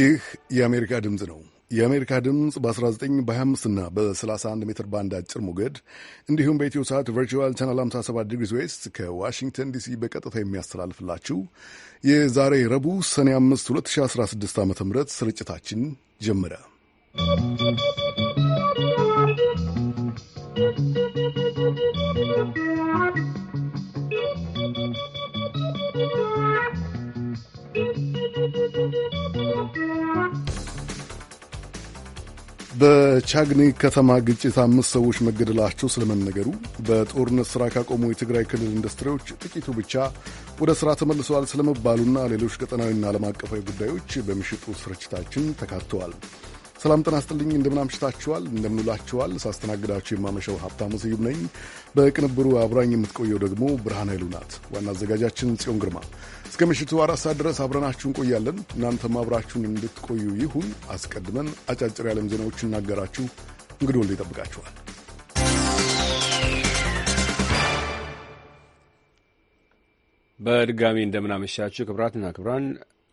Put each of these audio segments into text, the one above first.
ይህ የአሜሪካ ድምፅ ነው። የአሜሪካ ድምፅ በ19 በ25 እና በ31 ሜትር ባንድ አጭር ሞገድ እንዲሁም በኢትዮ ሰዓት ቨርቹዋል ቻናል 57 ዲግሪስ ዌስት ከዋሽንግተን ዲሲ በቀጥታ የሚያስተላልፍላችሁ የዛሬ ረቡዕ ሰኔ 5 2016 ዓ ም ስርጭታችን ጀመረ። በቻግኒ ከተማ ግጭት አምስት ሰዎች መገደላቸው ስለመነገሩ በጦርነት ሥራ ካቆሙ የትግራይ ክልል ኢንዱስትሪዎች ጥቂቱ ብቻ ወደ ሥራ ተመልሰዋል ስለመባሉና ሌሎች ቀጠናዊና ዓለም አቀፋዊ ጉዳዮች በምሽቱ ስርጭታችን ተካተዋል። ሰላም ጤና ይስጥልኝ። እንደምናምሽታችኋል፣ እንደምንውላችኋል። ሳስተናግዳችሁ የማመሸው ሀብታሙ ስዩም ነኝ። በቅንብሩ አብራኝ የምትቆየው ደግሞ ብርሃን ኃይሉ ናት። ዋና አዘጋጃችን ጽዮን ግርማ። እስከ ምሽቱ አራት ሰዓት ድረስ አብረናችሁን ቆያለን። እናንተም አብራችሁን እንድትቆዩ ይሁን። አስቀድመን አጫጭር የዓለም ዜናዎች እናገራችሁ። እንግዲህ ወልደ ይጠብቃችኋል። በድጋሚ እንደምናመሻችሁ ክብራትና ክብራን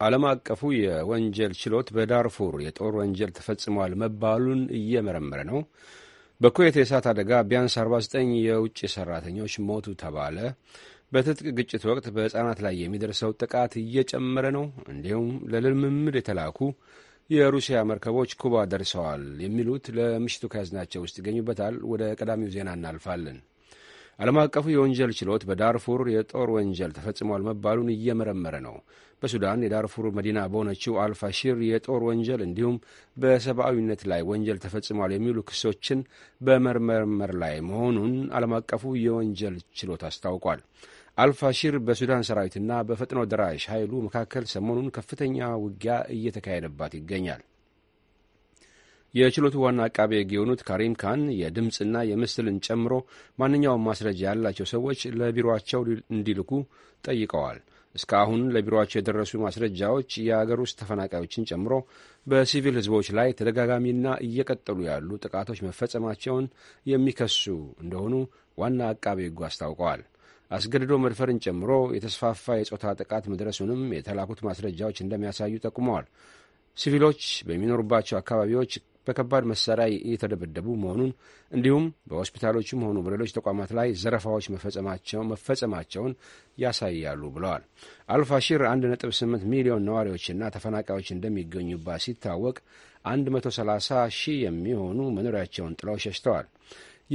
ዓለም አቀፉ የወንጀል ችሎት በዳርፉር የጦር ወንጀል ተፈጽሟል መባሉን እየመረመረ ነው። በኩዌት የእሳት አደጋ ቢያንስ 49 የውጭ ሰራተኞች ሞቱ ተባለ። በትጥቅ ግጭት ወቅት በሕፃናት ላይ የሚደርሰው ጥቃት እየጨመረ ነው። እንዲሁም ለልምምድ የተላኩ የሩሲያ መርከቦች ኩባ ደርሰዋል የሚሉት ለምሽቱ ከያዝናቸው ውስጥ ይገኙበታል። ወደ ቀዳሚው ዜና እናልፋለን። ዓለም አቀፉ የወንጀል ችሎት በዳርፉር የጦር ወንጀል ተፈጽሟል መባሉን እየመረመረ ነው። በሱዳን የዳርፉር መዲና በሆነችው አልፋሺር የጦር ወንጀል እንዲሁም በሰብአዊነት ላይ ወንጀል ተፈጽሟል የሚሉ ክሶችን በመርመር ላይ መሆኑን ዓለም አቀፉ የወንጀል ችሎት አስታውቋል። አልፋሺር በሱዳን ሰራዊትና በፈጥኖ ደራሽ ኃይሉ መካከል ሰሞኑን ከፍተኛ ውጊያ እየተካሄደባት ይገኛል። የችሎቱ ዋና አቃቤ ሕግ የሆኑት ካሪም ካን የድምፅና የምስልን ጨምሮ ማንኛውም ማስረጃ ያላቸው ሰዎች ለቢሮቸው እንዲልኩ ጠይቀዋል። እስካሁን ለቢሮቸው የደረሱ ማስረጃዎች የአገር ውስጥ ተፈናቃዮችን ጨምሮ በሲቪል ህዝቦች ላይ ተደጋጋሚና እየቀጠሉ ያሉ ጥቃቶች መፈጸማቸውን የሚከሱ እንደሆኑ ዋና አቃቤ ሕጉ አስታውቀዋል። አስገድዶ መድፈርን ጨምሮ የተስፋፋ የጾታ ጥቃት መድረሱንም የተላኩት ማስረጃዎች እንደሚያሳዩ ጠቁመዋል። ሲቪሎች በሚኖሩባቸው አካባቢዎች በከባድ መሳሪያ እየተደበደቡ መሆኑን እንዲሁም በሆስፒታሎችም ሆኑ በሌሎች ተቋማት ላይ ዘረፋዎች መፈጸማቸውን ያሳያሉ ብለዋል። አልፋሺር 1.8 ሚሊዮን ነዋሪዎችና ተፈናቃዮች እንደሚገኙባት ሲታወቅ 130 ሺህ የሚሆኑ መኖሪያቸውን ጥለው ሸሽተዋል።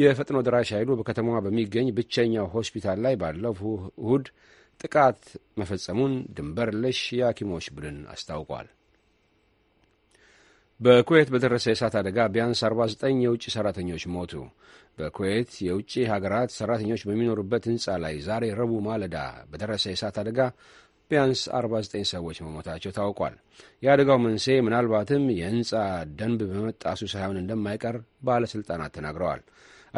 የፈጥኖ ደራሽ ኃይሉ በከተማዋ በሚገኝ ብቸኛው ሆስፒታል ላይ ባለው እሁድ ጥቃት መፈጸሙን ድንበር ለሽ የሐኪሞች ቡድን አስታውቋል። በኩዌት በደረሰ የእሳት አደጋ ቢያንስ 49 የውጭ ሠራተኞች ሞቱ። በኩዌት የውጭ ሀገራት ሠራተኞች በሚኖሩበት ህንፃ ላይ ዛሬ ረቡዕ ማለዳ በደረሰ የእሳት አደጋ ቢያንስ 49 ሰዎች መሞታቸው ታውቋል። የአደጋው መንስኤ ምናልባትም የህንፃ ደንብ በመጣሱ ሳይሆን እንደማይቀር ባለሥልጣናት ተናግረዋል።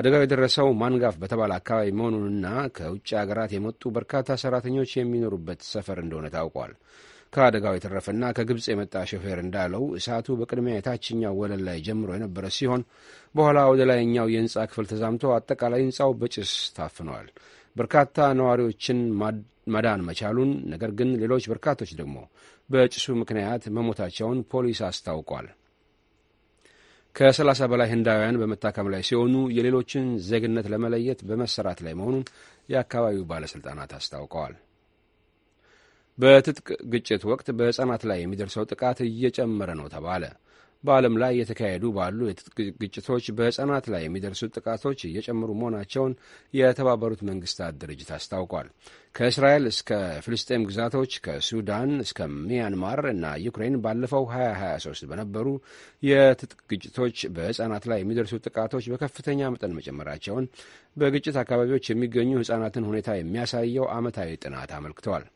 አደጋው የደረሰው ማንጋፍ በተባለ አካባቢ መሆኑንና ከውጭ ሀገራት የመጡ በርካታ ሠራተኞች የሚኖሩበት ሰፈር እንደሆነ ታውቋል። ከአደጋው የተረፈና ከግብፅ የመጣ ሾፌር እንዳለው እሳቱ በቅድሚያ የታችኛው ወለል ላይ ጀምሮ የነበረ ሲሆን በኋላ ወደ ላይኛው የህንፃ ክፍል ተዛምቶ አጠቃላይ ህንፃው በጭስ ታፍነዋል። በርካታ ነዋሪዎችን መዳን መቻሉን፣ ነገር ግን ሌሎች በርካቶች ደግሞ በጭሱ ምክንያት መሞታቸውን ፖሊስ አስታውቋል። ከ30 በላይ ህንዳውያን በመታከም ላይ ሲሆኑ የሌሎችን ዜግነት ለመለየት በመሰራት ላይ መሆኑን የአካባቢው ባለሥልጣናት አስታውቀዋል። በትጥቅ ግጭት ወቅት በሕፃናት ላይ የሚደርሰው ጥቃት እየጨመረ ነው ተባለ። በዓለም ላይ የተካሄዱ ባሉ የትጥቅ ግጭቶች በሕፃናት ላይ የሚደርሱ ጥቃቶች እየጨመሩ መሆናቸውን የተባበሩት መንግስታት ድርጅት አስታውቋል። ከእስራኤል እስከ ፍልስጤም ግዛቶች ከሱዳን እስከ ሚያንማር እና ዩክሬን ባለፈው 2023 በነበሩ የትጥቅ ግጭቶች በሕፃናት ላይ የሚደርሱ ጥቃቶች በከፍተኛ መጠን መጨመራቸውን በግጭት አካባቢዎች የሚገኙ ሕፃናትን ሁኔታ የሚያሳየው ዓመታዊ ጥናት አመልክተዋል።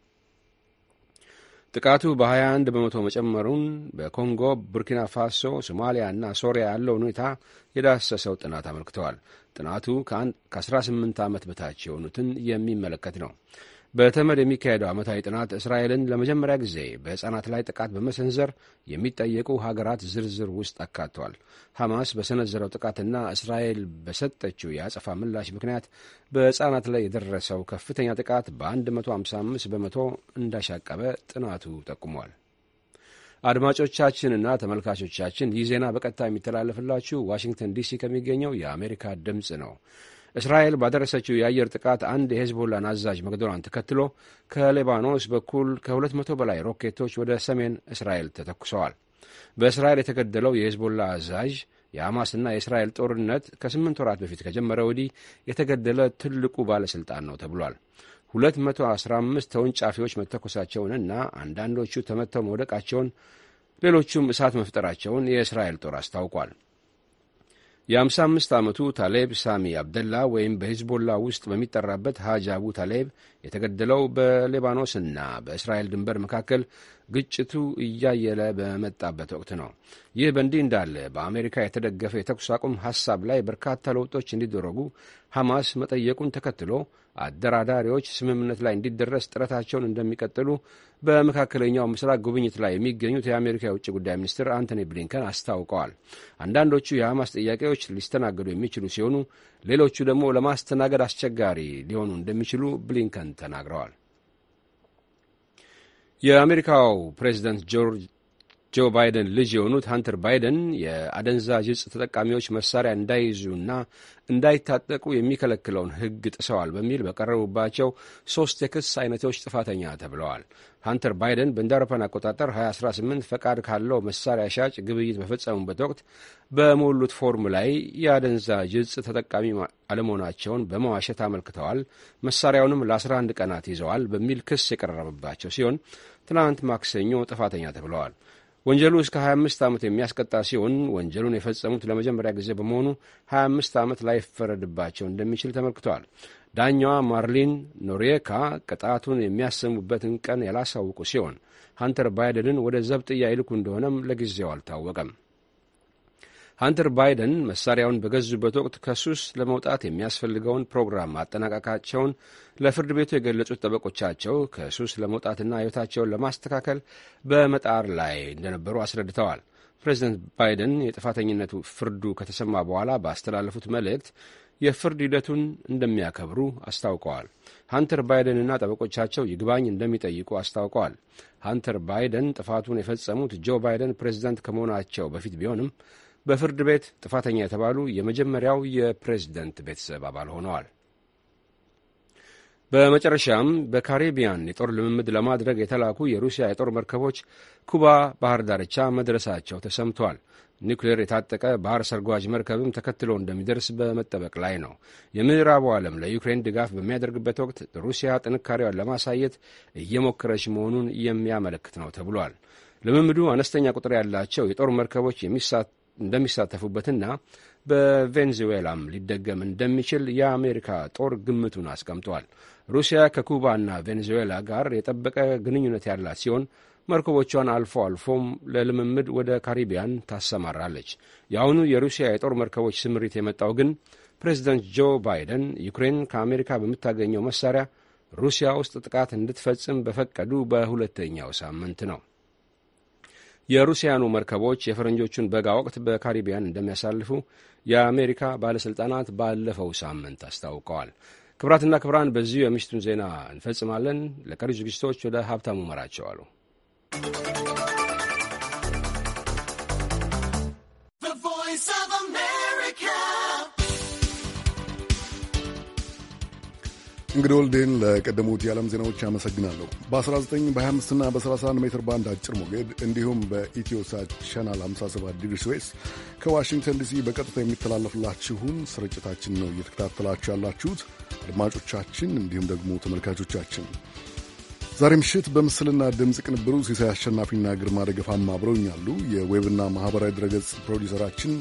ጥቃቱ በ21 በመቶ መጨመሩን በኮንጎ፣ ቡርኪና ፋሶ፣ ሶማሊያ እና ሶሪያ ያለው ሁኔታ የዳሰሰው ጥናት አመልክተዋል። ጥናቱ ከ18 ዓመት በታች የሆኑትን የሚመለከት ነው። በተመድ የሚካሄደው ዓመታዊ ጥናት እስራኤልን ለመጀመሪያ ጊዜ በሕፃናት ላይ ጥቃት በመሰንዘር የሚጠየቁ ሀገራት ዝርዝር ውስጥ አካቷል። ሐማስ በሰነዘረው ጥቃትና እስራኤል በሰጠችው የአጸፋ ምላሽ ምክንያት በሕፃናት ላይ የደረሰው ከፍተኛ ጥቃት በ155 በመቶ እንዳሻቀበ ጥናቱ ጠቁሟል። አድማጮቻችንና ተመልካቾቻችን ይህ ዜና በቀጥታ የሚተላለፍላችሁ ዋሽንግተን ዲሲ ከሚገኘው የአሜሪካ ድምፅ ነው። እስራኤል ባደረሰችው የአየር ጥቃት አንድ የሄዝቦላን አዛዥ መግደሏን ተከትሎ ከሌባኖስ በኩል ከ200 በላይ ሮኬቶች ወደ ሰሜን እስራኤል ተተኩሰዋል። በእስራኤል የተገደለው የሄዝቦላ አዛዥ የሐማስና የእስራኤል ጦርነት ከስምንት ወራት በፊት ከጀመረ ወዲህ የተገደለ ትልቁ ባለሥልጣን ነው ተብሏል። 215 ተወንጫፊዎች መተኮሳቸውንና አንዳንዶቹ ተመተው መውደቃቸውን ሌሎቹም እሳት መፍጠራቸውን የእስራኤል ጦር አስታውቋል። የ55 ዓመቱ ታሌብ ሳሚ አብደላ ወይም በሂዝቦላ ውስጥ በሚጠራበት ሃጅ አቡ ታሌብ የተገደለው ና በእስራኤል ድንበር መካከል ግጭቱ እያየለ በመጣበት ወቅት ነው። ይህ በእንዲህ እንዳለ በአሜሪካ የተደገፈ የተኩስ አቁም ሐሳብ ላይ በርካታ ለውጦች እንዲደረጉ ሐማስ መጠየቁን ተከትሎ አደራዳሪዎች ስምምነት ላይ እንዲደረስ ጥረታቸውን እንደሚቀጥሉ በመካከለኛው ምስራቅ ጉብኝት ላይ የሚገኙት የአሜሪካ የውጭ ጉዳይ ሚኒስትር አንቶኒ ብሊንከን አስታውቀዋል። አንዳንዶቹ የሐማስ ጥያቄዎች ሊስተናገዱ የሚችሉ ሲሆኑ፣ ሌሎቹ ደግሞ ለማስተናገድ አስቸጋሪ ሊሆኑ እንደሚችሉ ብሊንከን ተናግረዋል። የአሜሪካው ፕሬዚደንት ጆርጅ ጆ ባይደን ልጅ የሆኑት ሀንተር ባይደን የአደንዛዥ እጽ ተጠቃሚዎች መሳሪያ እንዳይዙና እንዳይታጠቁ የሚከለክለውን ሕግ ጥሰዋል በሚል በቀረቡባቸው ሶስት የክስ አይነቶች ጥፋተኛ ተብለዋል። ሀንተር ባይደን በእንደ አቆጣጠር 2018 ፈቃድ ካለው መሳሪያ ሻጭ ግብይት በፈጸሙበት ወቅት በሞሉት ፎርም ላይ የአደንዛዥ እጽ ተጠቃሚ አለመሆናቸውን በመዋሸት አመልክተዋል። መሳሪያውንም ለ11 ቀናት ይዘዋል በሚል ክስ የቀረበባቸው ሲሆን ትናንት ማክሰኞ ጥፋተኛ ተብለዋል። ወንጀሉ እስከ 25 ዓመት የሚያስቀጣ ሲሆን ወንጀሉን የፈጸሙት ለመጀመሪያ ጊዜ በመሆኑ 25 ዓመት ላይፈረድባቸው እንደሚችል ተመልክተዋል። ዳኛዋ ማርሊን ኖሬካ ቅጣቱን የሚያሰሙበትን ቀን ያላሳውቁ ሲሆን ሀንተር ባይደንን ወደ ዘብጥያ ይልኩ እንደሆነም ለጊዜው አልታወቀም። ሀንተር ባይደን መሳሪያውን በገዙበት ወቅት ከሱስ ለመውጣት የሚያስፈልገውን ፕሮግራም ማጠናቀቃቸውን ለፍርድ ቤቱ የገለጹት ጠበቆቻቸው ከሱስ ለመውጣትና ሕይወታቸውን ለማስተካከል በመጣር ላይ እንደነበሩ አስረድተዋል። ፕሬዚደንት ባይደን የጥፋተኝነቱ ፍርዱ ከተሰማ በኋላ ባስተላለፉት መልእክት የፍርድ ሂደቱን እንደሚያከብሩ አስታውቀዋል። ሀንተር ባይደንና ጠበቆቻቸው ይግባኝ እንደሚጠይቁ አስታውቀዋል። ሀንተር ባይደን ጥፋቱን የፈጸሙት ጆ ባይደን ፕሬዚዳንት ከመሆናቸው በፊት ቢሆንም በፍርድ ቤት ጥፋተኛ የተባሉ የመጀመሪያው የፕሬዝደንት ቤተሰብ አባል ሆነዋል። በመጨረሻም በካሪቢያን የጦር ልምምድ ለማድረግ የተላኩ የሩሲያ የጦር መርከቦች ኩባ ባህር ዳርቻ መድረሳቸው ተሰምቷል። ኒውክሌር የታጠቀ ባህር ሰርጓጅ መርከብም ተከትሎ እንደሚደርስ በመጠበቅ ላይ ነው። የምዕራቡ ዓለም ለዩክሬን ድጋፍ በሚያደርግበት ወቅት ሩሲያ ጥንካሬዋን ለማሳየት እየሞከረች መሆኑን የሚያመለክት ነው ተብሏል። ልምምዱ አነስተኛ ቁጥር ያላቸው የጦር መርከቦች እንደሚሳተፉበትና በቬንዙዌላም ሊደገም እንደሚችል የአሜሪካ ጦር ግምቱን አስቀምጧል። ሩሲያ ከኩባና ቬንዙዌላ ጋር የጠበቀ ግንኙነት ያላት ሲሆን መርከቦቿን አልፎ አልፎም ለልምምድ ወደ ካሪቢያን ታሰማራለች። የአሁኑ የሩሲያ የጦር መርከቦች ስምሪት የመጣው ግን ፕሬዚደንት ጆ ባይደን ዩክሬን ከአሜሪካ በምታገኘው መሳሪያ ሩሲያ ውስጥ ጥቃት እንድትፈጽም በፈቀዱ በሁለተኛው ሳምንት ነው። የሩሲያኑ መርከቦች የፈረንጆቹን በጋ ወቅት በካሪቢያን እንደሚያሳልፉ የአሜሪካ ባለሥልጣናት ባለፈው ሳምንት አስታውቀዋል። ክብራትና ክብራን በዚሁ የምሽቱን ዜና እንፈጽማለን። ለቀሪ ዝግጅቶች ወደ ሀብታሙ መራቸው አሉ። እንግዲህ ወልዴን ለቀደሙት የዓለም ዜናዎች አመሰግናለሁ። በ19 በ25ና በ31 ሜትር ባንድ አጭር ሞገድ እንዲሁም በኢትዮሳት ቻናል 57 ዲግሪ ስዌስ ከዋሽንግተን ዲሲ በቀጥታ የሚተላለፍላችሁን ስርጭታችን ነው እየተከታተላችሁ ያላችሁት አድማጮቻችን፣ እንዲሁም ደግሞ ተመልካቾቻችን ዛሬ ምሽት በምስልና ድምፅ ቅንብሩ ሲሳይ አሸናፊና ግርማ ደገፋም አብረውኛሉ። የዌብና ማኅበራዊ ድረገጽ ፕሮዲውሰራችን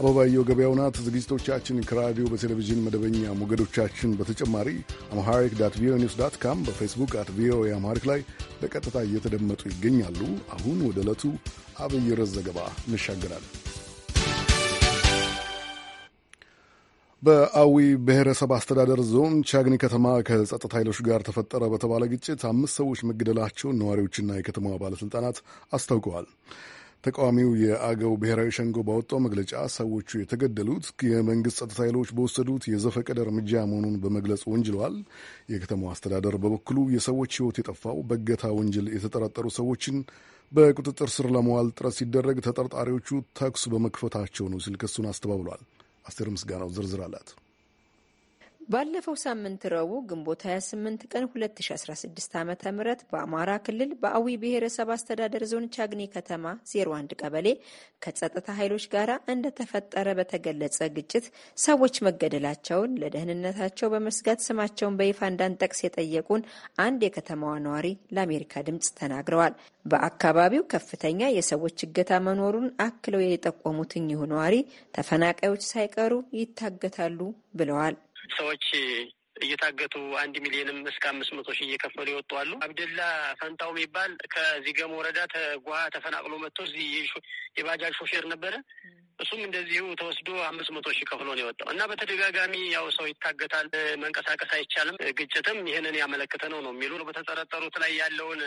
አበባየው ገበያው ናት። ዝግጅቶቻችን ከራዲዮ በቴሌቪዥን መደበኛ ሞገዶቻችን በተጨማሪ አምሃሪክ ዳት ቪኦኤ ኒውስ ዳት ካም በፌስቡክ አት ቪኦኤ አምሃሪክ ላይ በቀጥታ እየተደመጡ ይገኛሉ። አሁን ወደ ዕለቱ አብይ ርዕስ ዘገባ እንሻገራለን። በአዊ ብሔረሰብ አስተዳደር ዞን ቻግኒ ከተማ ከጸጥታ ኃይሎች ጋር ተፈጠረ በተባለ ግጭት አምስት ሰዎች መገደላቸውን ነዋሪዎችና የከተማዋ ባለሥልጣናት አስታውቀዋል። ተቃዋሚው የአገው ብሔራዊ ሸንጎ ባወጣው መግለጫ ሰዎቹ የተገደሉት የመንግሥት ጸጥታ ኃይሎች በወሰዱት የዘፈቀደ እርምጃ መሆኑን በመግለጽ ወንጅለዋል። የከተማው አስተዳደር በበኩሉ የሰዎች ሕይወት የጠፋው በእገታ ወንጀል የተጠረጠሩ ሰዎችን በቁጥጥር ስር ለመዋል ጥረት ሲደረግ ተጠርጣሪዎቹ ተኩስ በመክፈታቸው ነው ሲል ክሱን አስተባብሏል። አስቴር ምስጋናው ዝርዝር አላት። ባለፈው ሳምንት ረቡዕ ግንቦት 28 ቀን 2016 ዓ ም በአማራ ክልል በአዊ ብሔረሰብ አስተዳደር ዞን ቻግኒ ከተማ 01 ቀበሌ ከጸጥታ ኃይሎች ጋር እንደተፈጠረ በተገለጸ ግጭት ሰዎች መገደላቸውን ለደህንነታቸው በመስጋት ስማቸውን በይፋ እንዳንጠቅስ የጠየቁን አንድ የከተማዋ ነዋሪ ለአሜሪካ ድምፅ ተናግረዋል። በአካባቢው ከፍተኛ የሰዎች እገታ መኖሩን አክለው የጠቆሙት እኚሁ ነዋሪ ተፈናቃዮች ሳይቀሩ ይታገታሉ ብለዋል። ሰዎች እየታገቱ አንድ ሚሊዮንም እስከ አምስት መቶ ሺህ እየከፈሉ ይወጡ አሉ። አብደላ ፈንታው የሚባል ከዚህ ገም ወረዳ ተጓ ተፈናቅሎ መጥቶ እዚህ የባጃጅ ሾፌር ነበረ። እሱም እንደዚሁ ተወስዶ አምስት መቶ ሺህ ከፍሎ ነው የወጣው እና በተደጋጋሚ ያው ሰው ይታገታል፣ መንቀሳቀስ አይቻልም። ግጭትም ይህንን ያመለክተ ነው ነው የሚሉ በተጠረጠሩት ላይ ያለውን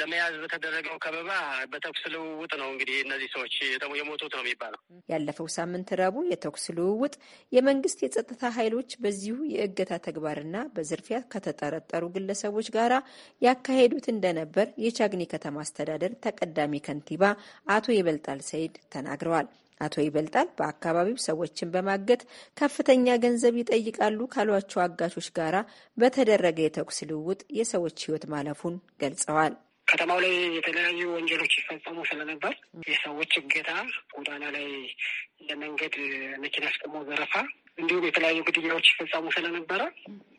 ለመያዝ በተደረገው ከበባ በተኩስ ልውውጥ ነው እንግዲህ እነዚህ ሰዎች የሞቱት ነው የሚባለው። ያለፈው ሳምንት ረቡዕ የተኩስ ልውውጥ የመንግስት የጸጥታ ኃይሎች በዚሁ የእገታ ተግባርና በዝርፊያ ከተጠረጠሩ ግለሰቦች ጋራ ያካሄዱት እንደነበር የቻግኒ ከተማ አስተዳደር ተቀዳሚ ከንቲባ አቶ ይበልጣል ሰይድ ተናግረዋል። አቶ ይበልጣል በአካባቢው ሰዎችን በማገት ከፍተኛ ገንዘብ ይጠይቃሉ ካሏቸው አጋቾች ጋራ በተደረገ የተኩስ ልውውጥ የሰዎች ሕይወት ማለፉን ገልጸዋል። ከተማው ላይ የተለያዩ ወንጀሎች ይፈጸሙ ስለነበር የሰዎች እገታ፣ ጎዳና ላይ ለመንገድ መኪና አስቆሞ ዘረፋ፣ እንዲሁም የተለያዩ ግድያዎች ይፈጸሙ ስለነበረ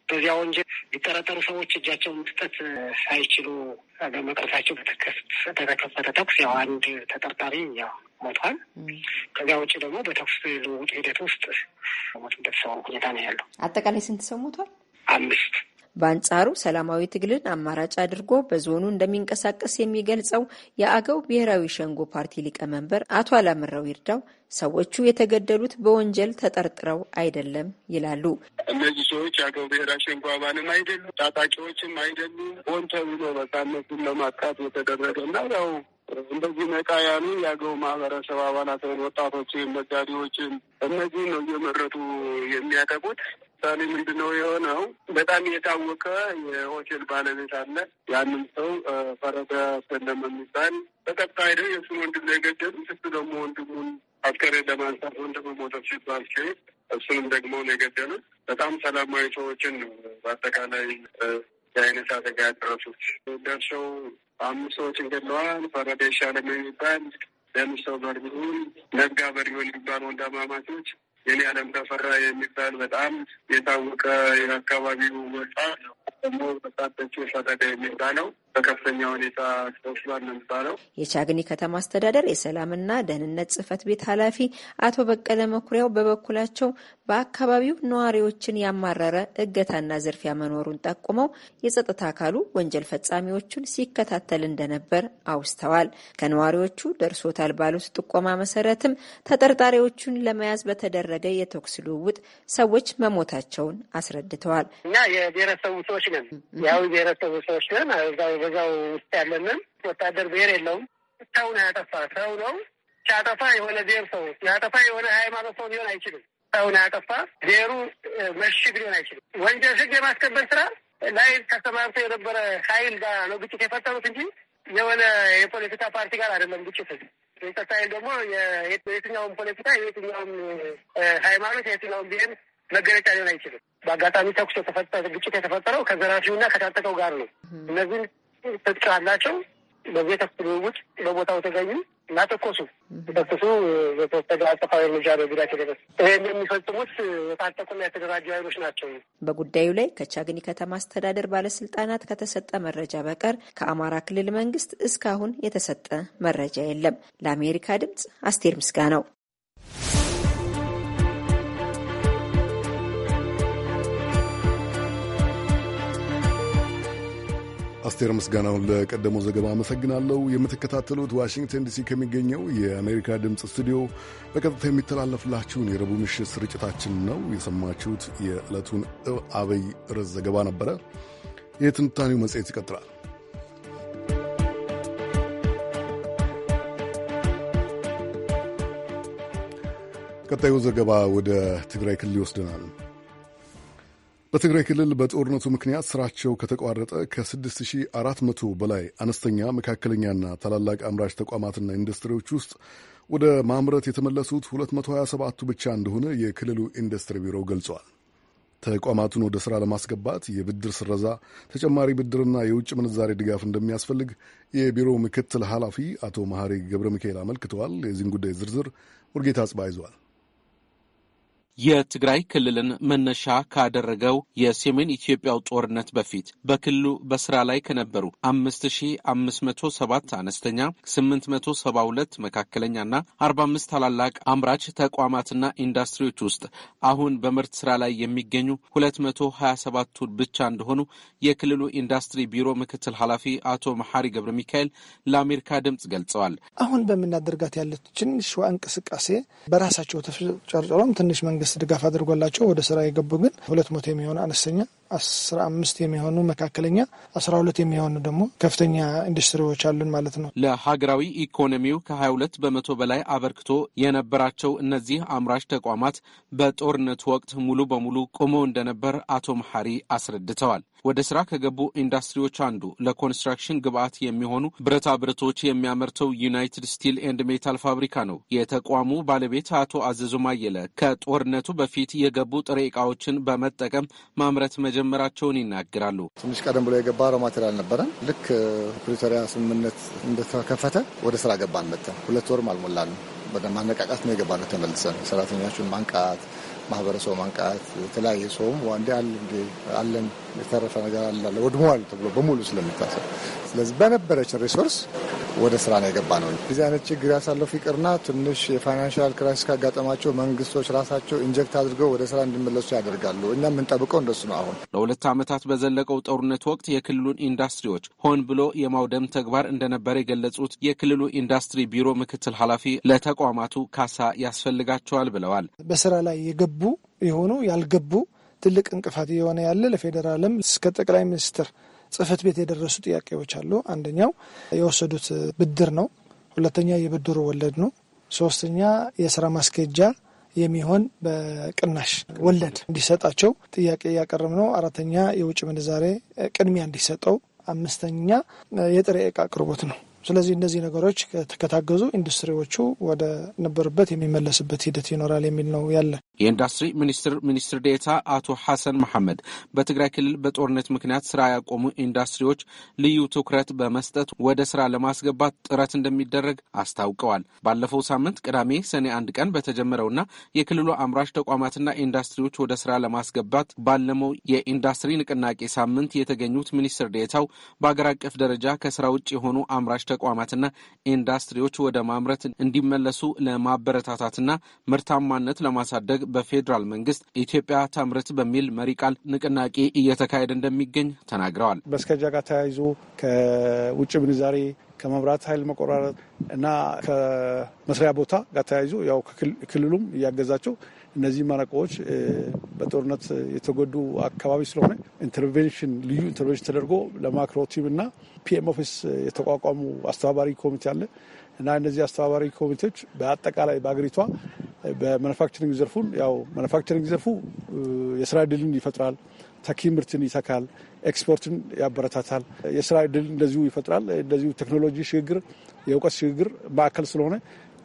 በዚያ ወንጀል የሚጠረጠሩ ሰዎች እጃቸውን መስጠት ሳይችሉ በመቅረታቸው በተከፈተ ተኩስ ያው አንድ ተጠርጣሪ ያው ሞቷል። ከዚያ ውጭ ደግሞ በተኩስ ልውውጥ ሂደት ውስጥ ሞት እንደተሰዋ ሁኔታ ነው ያለው። አጠቃላይ ስንት ሰው ሞቷል? አምስት በአንጻሩ ሰላማዊ ትግልን አማራጭ አድርጎ በዞኑ እንደሚንቀሳቀስ የሚገልጸው የአገው ብሔራዊ ሸንጎ ፓርቲ ሊቀመንበር አቶ አላምረው ይርዳው ሰዎቹ የተገደሉት በወንጀል ተጠርጥረው አይደለም ይላሉ። እነዚህ ሰዎች የአገው ብሔራዊ ሸንጎ አባልም አይደሉም፣ ታጣቂዎችም አይደሉም። ሆን ተብሎ በቃ እነሱን ለማጥቃት የተደረገ እና ያው እንደዚህ ነቃ ያሉ የአገው ማህበረሰብ አባላትን፣ ወጣቶችን፣ ነጋዴዎችን እነዚህ ነው እየመረጡ የሚያጠቁት። ምሳሌ ምንድነው የሆነው? በጣም የታወቀ የሆቴል ባለቤት አለ። ያንም ሰው ፈረደ ሰለመ የሚባል በቀጣይ ደ የእሱን ወንድም ነው የገደሉት። እሱ ደግሞ ወንድሙን አስከሬ ለማንሳት ወንድሙ ሞተ ሲባል ሲ እሱንም ደግሞ ነው የገደሉት። በጣም ሰላማዊ ሰዎችን ነው በአጠቃላይ የአይነት አደጋ ያደረሱት ደርሰው አምስት ሰዎችን ገድለዋል። ፈረደሽ ሻለም የሚባል ለምሰው በርብሩን ነጋ በሪሆን የሚባል ወንድማማቾች የኔ አለም ተፈራ የሚባል በጣም የታወቀ የአካባቢው ወጣት ደግሞ በሳተች ፈረደ የሚባለው በከፍተኛ ሁኔታ ተወስዷል ነው የሚባለው። የቻግኒ ከተማ አስተዳደር የሰላምና ደህንነት ጽህፈት ቤት ኃላፊ አቶ በቀለ መኩሪያው በበኩላቸው በአካባቢው ነዋሪዎችን ያማረረ እገታና ዝርፊያ መኖሩን ጠቁመው የጸጥታ አካሉ ወንጀል ፈጻሚዎቹን ሲከታተል እንደነበር አውስተዋል። ከነዋሪዎቹ ደርሶታል ባሉት ጥቆማ መሰረትም ተጠርጣሪዎቹን ለመያዝ በተደረገ የተኩስ ልውውጥ ሰዎች መሞታቸውን አስረድተዋል። እና የብሔረሰቡ ሰዎች ነን ያው የብሔረሰቡ ሰዎች ነን በዛው ውስጥ ያለንን ወታደር ብሔር የለውም። ሰው ነው ያጠፋ። ሰው ነው ሲያጠፋ የሆነ ብሔር ሰው ሲያጠፋ የሆነ ሃይማኖት ሰው ሊሆን አይችልም። ሰው ነው ያጠፋ። ብሔሩ መሽግ ሊሆን አይችልም። ወንጀል ህግ የማስከበር ስራ ላይ ተሰማርቶ የነበረ ኃይል ጋር ነው ግጭት የፈጠሩት እንጂ የሆነ የፖለቲካ ፓርቲ ጋር አይደለም ግጭት ይቀጣይል ደግሞ የትኛውም ፖለቲካ የትኛውም ሃይማኖት የትኛውም ብሄር መገለጫ ሊሆን አይችልም። በአጋጣሚ ተኩስ ግጭት የተፈጠረው ከዘራፊውና ከታጠቀው ጋር ነው። እነዚህን ትጥቅ አላቸው። በዚህ ተኩስ ልውውጥ በቦታው ተገኙ እና ተኮሱ። ተኩሱ በተወሰደ አጸፋዊ እርምጃ በጉዳት የደረሰ ይህን የሚፈጽሙት የታጠቁና የተደራጁ ኃይሎች ናቸው። በጉዳዩ ላይ ከቻግኒ ከተማ አስተዳደር ባለስልጣናት ከተሰጠ መረጃ በቀር ከአማራ ክልል መንግስት እስካሁን የተሰጠ መረጃ የለም። ለአሜሪካ ድምጽ አስቴር ምስጋ ነው። አስቴር ምስጋናውን ለቀደመው ዘገባ አመሰግናለሁ። የምትከታተሉት ዋሽንግተን ዲሲ ከሚገኘው የአሜሪካ ድምፅ ስቱዲዮ በቀጥታ የሚተላለፍላችሁን የረቡዕ ምሽት ስርጭታችን ነው። የሰማችሁት የዕለቱን አብይ ርዕስ ዘገባ ነበረ። የትንታኔው መጽሔት ይቀጥላል። ቀጣዩ ዘገባ ወደ ትግራይ ክልል ይወስደናል። በትግራይ ክልል በጦርነቱ ምክንያት ስራቸው ከተቋረጠ ከ6400 በላይ አነስተኛ፣ መካከለኛና ታላላቅ አምራች ተቋማትና ኢንዱስትሪዎች ውስጥ ወደ ማምረት የተመለሱት 227ቱ ብቻ እንደሆነ የክልሉ ኢንዱስትሪ ቢሮ ገልጿል። ተቋማቱን ወደ ሥራ ለማስገባት የብድር ስረዛ፣ ተጨማሪ ብድርና የውጭ ምንዛሬ ድጋፍ እንደሚያስፈልግ የቢሮው ምክትል ኃላፊ አቶ መሐሪ ገብረ ሚካኤል አመልክተዋል። የዚህን ጉዳይ ዝርዝር ሙርጌታ አጽባ ይዟል። የትግራይ ክልልን መነሻ ካደረገው የሰሜን ኢትዮጵያው ጦርነት በፊት በክልሉ በስራ ላይ ከነበሩ 5507 አነስተኛ፣ 872 መካከለኛና 45 ታላላቅ አምራች ተቋማትና ኢንዱስትሪዎች ውስጥ አሁን በምርት ስራ ላይ የሚገኙ 227ቱ ብቻ እንደሆኑ የክልሉ ኢንዱስትሪ ቢሮ ምክትል ኃላፊ አቶ መሐሪ ገብረ ሚካኤል ለአሜሪካ ድምጽ ገልጸዋል። አሁን በምናደርጋት ያለችን ሸዋ እንቅስቃሴ በራሳቸው ተጨርጨሮም ትንሽ መንግስት መንግስት ድጋፍ አድርጎላቸው ወደ ስራ የገቡ ግን ሁለት መቶ የሚሆኑ አነስተኛ አስራ አምስት የሚሆኑ መካከለኛ አስራ ሁለት የሚሆኑ ደግሞ ከፍተኛ ኢንዱስትሪዎች አሉን ማለት ነው። ለሀገራዊ ኢኮኖሚው ከሀያ ሁለት በመቶ በላይ አበርክቶ የነበራቸው እነዚህ አምራች ተቋማት በጦርነቱ ወቅት ሙሉ በሙሉ ቆመው እንደነበር አቶ መሐሪ አስረድተዋል። ወደ ስራ ከገቡ ኢንዱስትሪዎች አንዱ ለኮንስትራክሽን ግብአት የሚሆኑ ብረታ ብረቶች የሚያመርተው ዩናይትድ ስቲል ኤንድ ሜታል ፋብሪካ ነው። የተቋሙ ባለቤት አቶ አዘዙም ማየለ ከጦርነቱ በፊት የገቡ ጥሬ እቃዎችን በመጠቀም ማምረት መጀመራቸውን ይናገራሉ። ትንሽ ቀደም ብሎ የገባ ሮ ማቴሪያል ነበረን። ልክ ፕሪቶሪያ ስምምነት እንደተከፈተ ወደ ስራ ገባን። መተን ሁለት ወርም አልሞላንም። በደንብ ማነቃቃት ነው የገባነው። ተመልሰን ሰራተኞቹን ማንቃት ማህበረሰቡ ማንቃት የተለያየ ሰውም ዋንዴ አለ አለን የተረፈ ነገር አለ ወድመዋል ተብሎ በሙሉ ስለሚታሰብ ስለዚህ በነበረችን ሪሶርስ ወደ ስራ ነው የገባ ነው። እዚህ አይነት ችግር ያሳለፉ ይቅርና ትንሽ የፋይናንሽል ክራይሲስ ካጋጠማቸው መንግስቶች ራሳቸው ኢንጀክት አድርገው ወደ ስራ እንዲመለሱ ያደርጋሉ። እኛ የምንጠብቀው እንደሱ ነው። አሁን ለሁለት ዓመታት በዘለቀው ጦርነት ወቅት የክልሉን ኢንዱስትሪዎች ሆን ብሎ የማውደም ተግባር እንደነበረ የገለጹት የክልሉ ኢንዱስትሪ ቢሮ ምክትል ኃላፊ ለተቋማቱ ካሳ ያስፈልጋቸዋል ብለዋል። በስራ ላይ የገቡ የሆኑ ያልገቡ ትልቅ እንቅፋት እየሆነ ያለ ለፌዴራልም እስከ ጠቅላይ ሚኒስትር ጽህፈት ቤት የደረሱ ጥያቄዎች አሉ። አንደኛው የወሰዱት ብድር ነው። ሁለተኛ የብድሩ ወለድ ነው። ሶስተኛ የስራ ማስኬጃ የሚሆን በቅናሽ ወለድ እንዲሰጣቸው ጥያቄ እያቀረብ ነው። አራተኛ የውጭ ምንዛሬ ቅድሚያ እንዲሰጠው፣ አምስተኛ የጥሬ እቃ አቅርቦት ነው። ስለዚህ እነዚህ ነገሮች ከታገዙ ኢንዱስትሪዎቹ ወደ ነበሩበት የሚመለስበት ሂደት ይኖራል የሚል ነው ያለ የኢንዱስትሪ ሚኒስትር ሚኒስትር ዴታ አቶ ሐሰን መሐመድ በትግራይ ክልል በጦርነት ምክንያት ስራ ያቆሙ ኢንዱስትሪዎች ልዩ ትኩረት በመስጠት ወደ ስራ ለማስገባት ጥረት እንደሚደረግ አስታውቀዋል። ባለፈው ሳምንት ቅዳሜ ሰኔ አንድ ቀን በተጀመረውና የክልሉ አምራች ተቋማትና ኢንዱስትሪዎች ወደ ስራ ለማስገባት ባለመው የኢንዱስትሪ ንቅናቄ ሳምንት የተገኙት ሚኒስትር ዴታው በአገር አቀፍ ደረጃ ከስራ ውጭ የሆኑ አምራች ተቋማትና ኢንዱስትሪዎች ወደ ማምረት እንዲመለሱ ለማበረታታትና ምርታማነት ለማሳደግ በፌዴራል መንግስት ኢትዮጵያ ታምርት በሚል መሪ ቃል ንቅናቄ እየተካሄደ እንደሚገኝ ተናግረዋል። በስከጃ ጋር ተያይዞ ከውጭ ምንዛሬ ከመብራት ኃይል መቆራረጥ እና ከመስሪያ ቦታ ጋር ተያይዞ ያው ክልሉም እያገዛቸው እነዚህ ማነቆዎች በጦርነት የተጎዱ አካባቢ ስለሆነ ኢንተርቬንሽን ልዩ ኢንተርቬንሽን ተደርጎ ለማክሮ ቲም እና ፒኤም ኦፊስ የተቋቋሙ አስተባባሪ ኮሚቴ አለ እና እነዚህ አስተባባሪ ኮሚቴዎች በአጠቃላይ በአገሪቷ በማኑፋክቸሪንግ ዘርፉን ያው ማኑፋክቸሪንግ ዘርፉ የስራ ዕድልን ይፈጥራል፣ ተኪ ምርትን ይተካል፣ ኤክስፖርትን ያበረታታል፣ የስራ ዕድል እንደዚሁ ይፈጥራል። እንደዚሁ ቴክኖሎጂ ሽግግር፣ የእውቀት ሽግግር ማዕከል ስለሆነ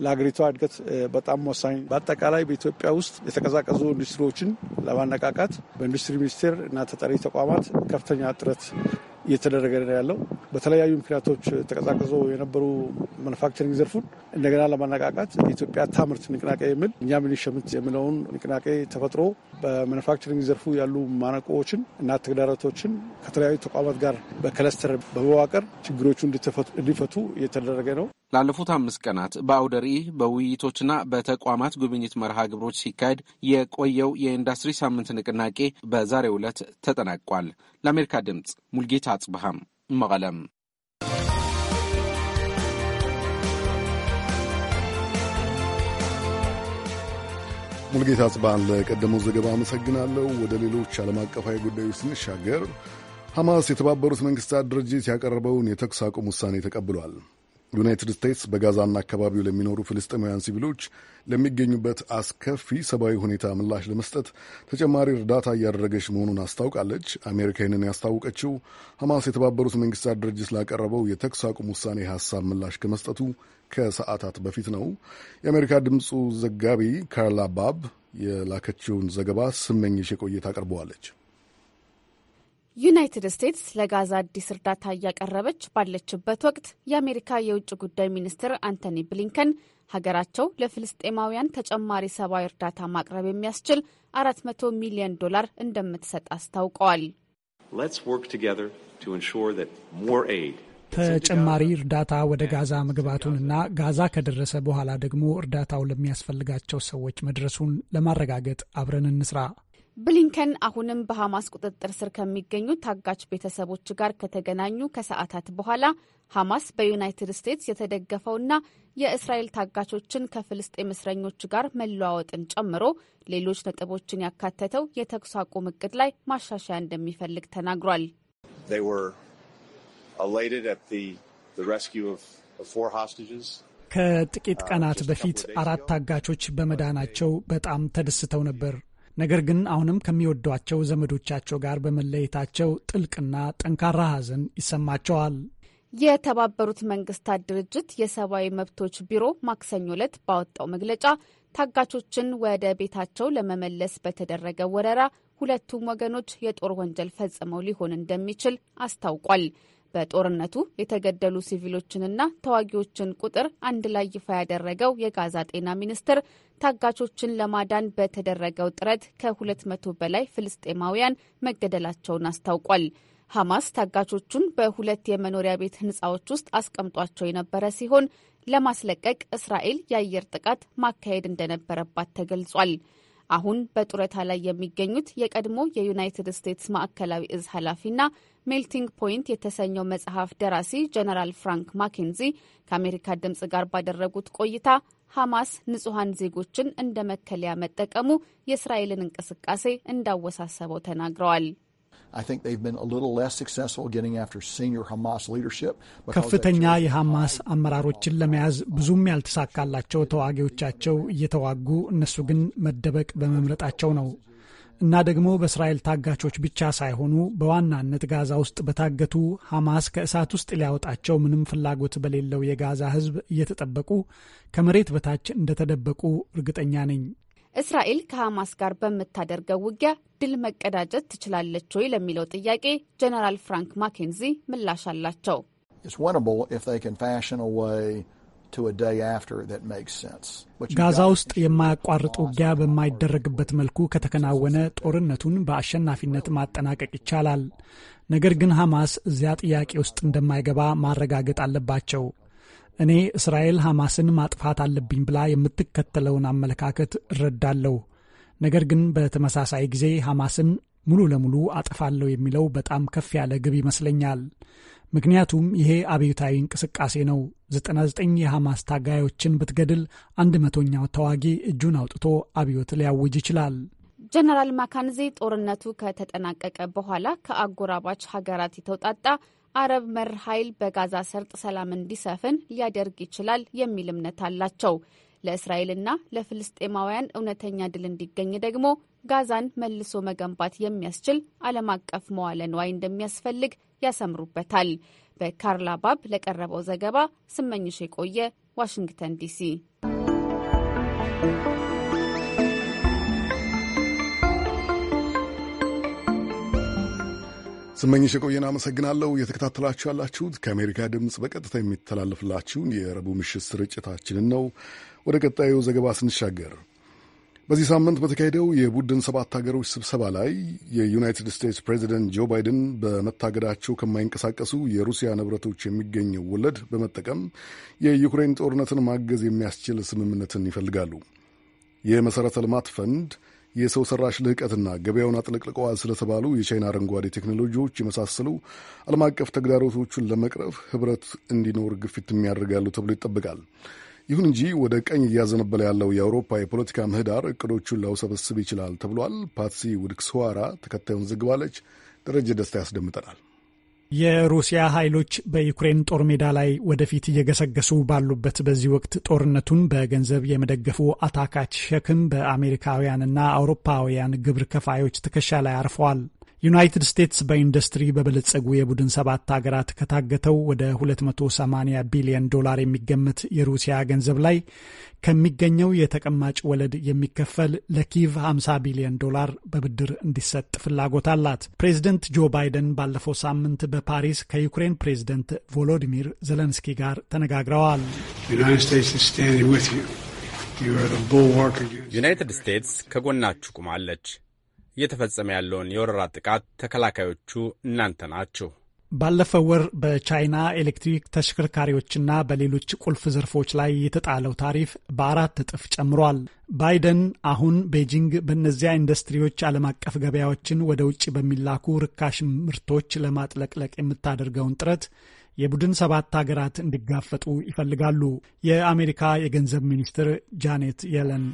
ለሀገሪቷ እድገት በጣም ወሳኝ። በአጠቃላይ በኢትዮጵያ ውስጥ የተቀዛቀዙ ኢንዱስትሪዎችን ለማነቃቃት በኢንዱስትሪ ሚኒስቴር እና ተጠሪ ተቋማት ከፍተኛ ጥረት እየተደረገ ነው ያለው። በተለያዩ ምክንያቶች ተቀዛቅዞ የነበሩ ማኑፋክቸሪንግ ዘርፉን እንደገና ለማነቃቃት የኢትዮጵያ ታምርት ንቅናቄ የሚል እኛም እንሸምት የሚለውን ንቅናቄ ተፈጥሮ በማኑፋክቸሪንግ ዘርፉ ያሉ ማነቆዎችን እና ተግዳሮቶችን ከተለያዩ ተቋማት ጋር በክለስተር በመዋቀር ችግሮቹ እንዲፈቱ እየተደረገ ነው። ላለፉት አምስት ቀናት በአውደ ርዕይ በውይይቶችና በተቋማት ጉብኝት መርሃ ግብሮች ሲካሄድ የቆየው የኢንዱስትሪ ሳምንት ንቅናቄ በዛሬው ዕለት ተጠናቋል። ለአሜሪካ ድምፅ ሙልጌታ አጽብሃም መቀለም። ሙልጌታ አጽብሃን ለቀደመው ዘገባ አመሰግናለሁ። ወደ ሌሎች ዓለም አቀፋዊ ጉዳዮች ስንሻገር ሐማስ የተባበሩት መንግሥታት ድርጅት ያቀረበውን የተኩስ አቁም ውሳኔ ተቀብሏል። ዩናይትድ ስቴትስ በጋዛና አካባቢው ለሚኖሩ ፍልስጤማውያን ሲቪሎች ለሚገኙበት አስከፊ ሰብአዊ ሁኔታ ምላሽ ለመስጠት ተጨማሪ እርዳታ እያደረገች መሆኑን አስታውቃለች። አሜሪካ ይህንን ያስታወቀችው ሐማስ የተባበሩት መንግስታት ድርጅት ላቀረበው የተኩስ አቁም ውሳኔ ሀሳብ ምላሽ ከመስጠቱ ከሰዓታት በፊት ነው። የአሜሪካ ድምፁ ዘጋቢ ካርላ ባብ የላከችውን ዘገባ ስመኝሽ የቆየት አቅርበዋለች። ዩናይትድ ስቴትስ ለጋዛ አዲስ እርዳታ እያቀረበች ባለችበት ወቅት የአሜሪካ የውጭ ጉዳይ ሚኒስትር አንቶኒ ብሊንከን ሀገራቸው ለፍልስጤማውያን ተጨማሪ ሰብአዊ እርዳታ ማቅረብ የሚያስችል 400 ሚሊዮን ዶላር እንደምትሰጥ አስታውቀዋል። ተጨማሪ እርዳታ ወደ ጋዛ መግባቱንና ጋዛ ከደረሰ በኋላ ደግሞ እርዳታው ለሚያስፈልጋቸው ሰዎች መድረሱን ለማረጋገጥ አብረን እንስራ። ብሊንከን አሁንም በሐማስ ቁጥጥር ስር ከሚገኙ ታጋች ቤተሰቦች ጋር ከተገናኙ ከሰዓታት በኋላ ሐማስ በዩናይትድ ስቴትስ የተደገፈውና የእስራኤል ታጋቾችን ከፍልስጤም እስረኞች ጋር መለዋወጥን ጨምሮ ሌሎች ነጥቦችን ያካተተው የተኩስ አቁም እቅድ ላይ ማሻሻያ እንደሚፈልግ ተናግሯል። ከጥቂት ቀናት በፊት አራት ታጋቾች በመዳናቸው በጣም ተደስተው ነበር። ነገር ግን አሁንም ከሚወዷቸው ዘመዶቻቸው ጋር በመለየታቸው ጥልቅና ጠንካራ ሐዘን ይሰማቸዋል። የተባበሩት መንግስታት ድርጅት የሰብአዊ መብቶች ቢሮ ማክሰኞ ዕለት ባወጣው መግለጫ ታጋቾችን ወደ ቤታቸው ለመመለስ በተደረገ ወረራ ሁለቱም ወገኖች የጦር ወንጀል ፈጽመው ሊሆን እንደሚችል አስታውቋል። በጦርነቱ የተገደሉ ሲቪሎችንና ተዋጊዎችን ቁጥር አንድ ላይ ይፋ ያደረገው የጋዛ ጤና ሚኒስቴር ታጋቾችን ለማዳን በተደረገው ጥረት ከ200 በላይ ፍልስጤማውያን መገደላቸውን አስታውቋል። ሐማስ ታጋቾቹን በሁለት የመኖሪያ ቤት ህንፃዎች ውስጥ አስቀምጧቸው የነበረ ሲሆን ለማስለቀቅ እስራኤል የአየር ጥቃት ማካሄድ እንደነበረባት ተገልጿል። አሁን በጡረታ ላይ የሚገኙት የቀድሞ የዩናይትድ ስቴትስ ማዕከላዊ እዝ ኃላፊና ሜልቲንግ ፖይንት የተሰኘው መጽሐፍ ደራሲ ጀነራል ፍራንክ ማኬንዚ ከአሜሪካ ድምጽ ጋር ባደረጉት ቆይታ ሐማስ ንጹሐን ዜጎችን እንደ መከለያ መጠቀሙ የእስራኤልን እንቅስቃሴ እንዳወሳሰበው ተናግረዋል። ከፍተኛ የሐማስ አመራሮችን ለመያዝ ብዙም ያልተሳካላቸው ተዋጊዎቻቸው እየተዋጉ እነሱ ግን መደበቅ በመምረጣቸው ነው። እና ደግሞ በእስራኤል ታጋቾች ብቻ ሳይሆኑ በዋናነት ጋዛ ውስጥ በታገቱ ሐማስ ከእሳት ውስጥ ሊያወጣቸው ምንም ፍላጎት በሌለው የጋዛ ሕዝብ እየተጠበቁ ከመሬት በታች እንደተደበቁ እርግጠኛ ነኝ። እስራኤል ከሐማስ ጋር በምታደርገው ውጊያ ድል መቀዳጀት ትችላለች ወይ ለሚለው ጥያቄ ጀነራል ፍራንክ ማኬንዚ ምላሽ አላቸው። ጋዛ ውስጥ የማያቋርጥ ውጊያ በማይደረግበት መልኩ ከተከናወነ ጦርነቱን በአሸናፊነት ማጠናቀቅ ይቻላል። ነገር ግን ሐማስ እዚያ ጥያቄ ውስጥ እንደማይገባ ማረጋገጥ አለባቸው። እኔ እስራኤል ሐማስን ማጥፋት አለብኝ ብላ የምትከተለውን አመለካከት እረዳለሁ። ነገር ግን በተመሳሳይ ጊዜ ሐማስን ሙሉ ለሙሉ አጠፋለሁ የሚለው በጣም ከፍ ያለ ግብ ይመስለኛል። ምክንያቱም ይሄ አብዮታዊ እንቅስቃሴ ነው። 99 የሐማስ ታጋዮችን ብትገድል አንድ መቶኛው ተዋጊ እጁን አውጥቶ አብዮት ሊያውጅ ይችላል። ጀነራል ማካንዜ ጦርነቱ ከተጠናቀቀ በኋላ ከአጎራባች ሀገራት የተውጣጣ አረብ መር ኃይል በጋዛ ሰርጥ ሰላም እንዲሰፍን ሊያደርግ ይችላል የሚል እምነት አላቸው። ለእስራኤልና ለፍልስጤማውያን እውነተኛ ድል እንዲገኝ ደግሞ ጋዛን መልሶ መገንባት የሚያስችል ዓለም አቀፍ መዋለ ንዋይ እንደሚያስፈልግ ያሰምሩበታል። በካርላ ባብ ለቀረበው ዘገባ ስመኝሽ የቆየ ዋሽንግተን ዲሲ ስመኝሽ የቆየን አመሰግናለሁ። እየተከታተላችሁ ያላችሁት ከአሜሪካ ድምፅ በቀጥታ የሚተላለፍላችሁን የረቡዕ ምሽት ስርጭታችንን ነው። ወደ ቀጣዩ ዘገባ ስንሻገር በዚህ ሳምንት በተካሄደው የቡድን ሰባት ሀገሮች ስብሰባ ላይ የዩናይትድ ስቴትስ ፕሬዚደንት ጆ ባይደን በመታገዳቸው ከማይንቀሳቀሱ የሩሲያ ንብረቶች የሚገኘው ወለድ በመጠቀም የዩክሬን ጦርነትን ማገዝ የሚያስችል ስምምነትን ይፈልጋሉ። የመሠረተ ልማት ፈንድ የሰው ሰራሽ ልህቀትና ገበያውን አጥለቅልቀዋል ስለተባሉ የቻይና አረንጓዴ ቴክኖሎጂዎች የመሳሰሉ ዓለም አቀፍ ተግዳሮቶቹን ለመቅረፍ ህብረት እንዲኖር ግፊት ያደርጋሉ ተብሎ ይጠበቃል። ይሁን እንጂ ወደ ቀኝ እያዘነበለ ያለው የአውሮፓ የፖለቲካ ምህዳር እቅዶቹን ላውሰበስብ ይችላል ተብሏል። ፓትሲ ውድክስዋራ ተከታዩን ዘግባለች። ደረጀ ደስታ ያስደምጠናል። የሩሲያ ኃይሎች በዩክሬን ጦር ሜዳ ላይ ወደፊት እየገሰገሱ ባሉበት በዚህ ወቅት ጦርነቱን በገንዘብ የመደገፉ አታካች ሸክም በአሜሪካውያንና አውሮፓውያን ግብር ከፋዮች ትከሻ ላይ አርፈዋል። ዩናይትድ ስቴትስ በኢንዱስትሪ በበለጸጉ የቡድን ሰባት ሀገራት ከታገተው ወደ 280 ቢሊዮን ዶላር የሚገመት የሩሲያ ገንዘብ ላይ ከሚገኘው የተቀማጭ ወለድ የሚከፈል ለኪቭ 50 ቢሊዮን ዶላር በብድር እንዲሰጥ ፍላጎት አላት። ፕሬዚደንት ጆ ባይደን ባለፈው ሳምንት በፓሪስ ከዩክሬን ፕሬዚደንት ቮሎዲሚር ዘለንስኪ ጋር ተነጋግረዋል። ዩናይትድ ስቴትስ ከጎናችሁ ቁማለች እየተፈጸመ ያለውን የወረራ ጥቃት ተከላካዮቹ እናንተ ናችሁ። ባለፈው ወር በቻይና ኤሌክትሪክ ተሽከርካሪዎችና በሌሎች ቁልፍ ዘርፎች ላይ የተጣለው ታሪፍ በአራት እጥፍ ጨምሯል። ባይደን አሁን ቤጂንግ በእነዚያ ኢንዱስትሪዎች ዓለም አቀፍ ገበያዎችን ወደ ውጭ በሚላኩ ርካሽ ምርቶች ለማጥለቅለቅ የምታደርገውን ጥረት የቡድን ሰባት ሀገራት እንዲጋፈጡ ይፈልጋሉ። የአሜሪካ የገንዘብ ሚኒስትር ጃኔት የለን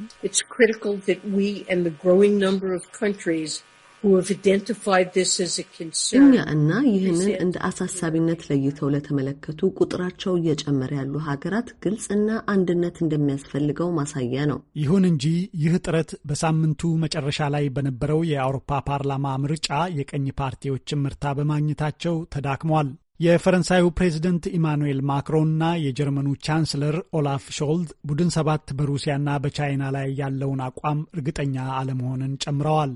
እኛ እና ይህንን እንደ አሳሳቢነት ለይተው ለተመለከቱ ቁጥራቸው እየጨመረ ያሉ ሀገራት ግልጽና አንድነት እንደሚያስፈልገው ማሳያ ነው። ይሁን እንጂ ይህ ጥረት በሳምንቱ መጨረሻ ላይ በነበረው የአውሮፓ ፓርላማ ምርጫ የቀኝ ፓርቲዎች ምርታ በማግኘታቸው ተዳክሟል። የፈረንሳዩ ፕሬዝደንት ኢማኑኤል ማክሮን እና የጀርመኑ ቻንስለር ኦላፍ ሾልድ ቡድን ሰባት በሩሲያና በቻይና ላይ ያለውን አቋም እርግጠኛ አለመሆንን ጨምረዋል።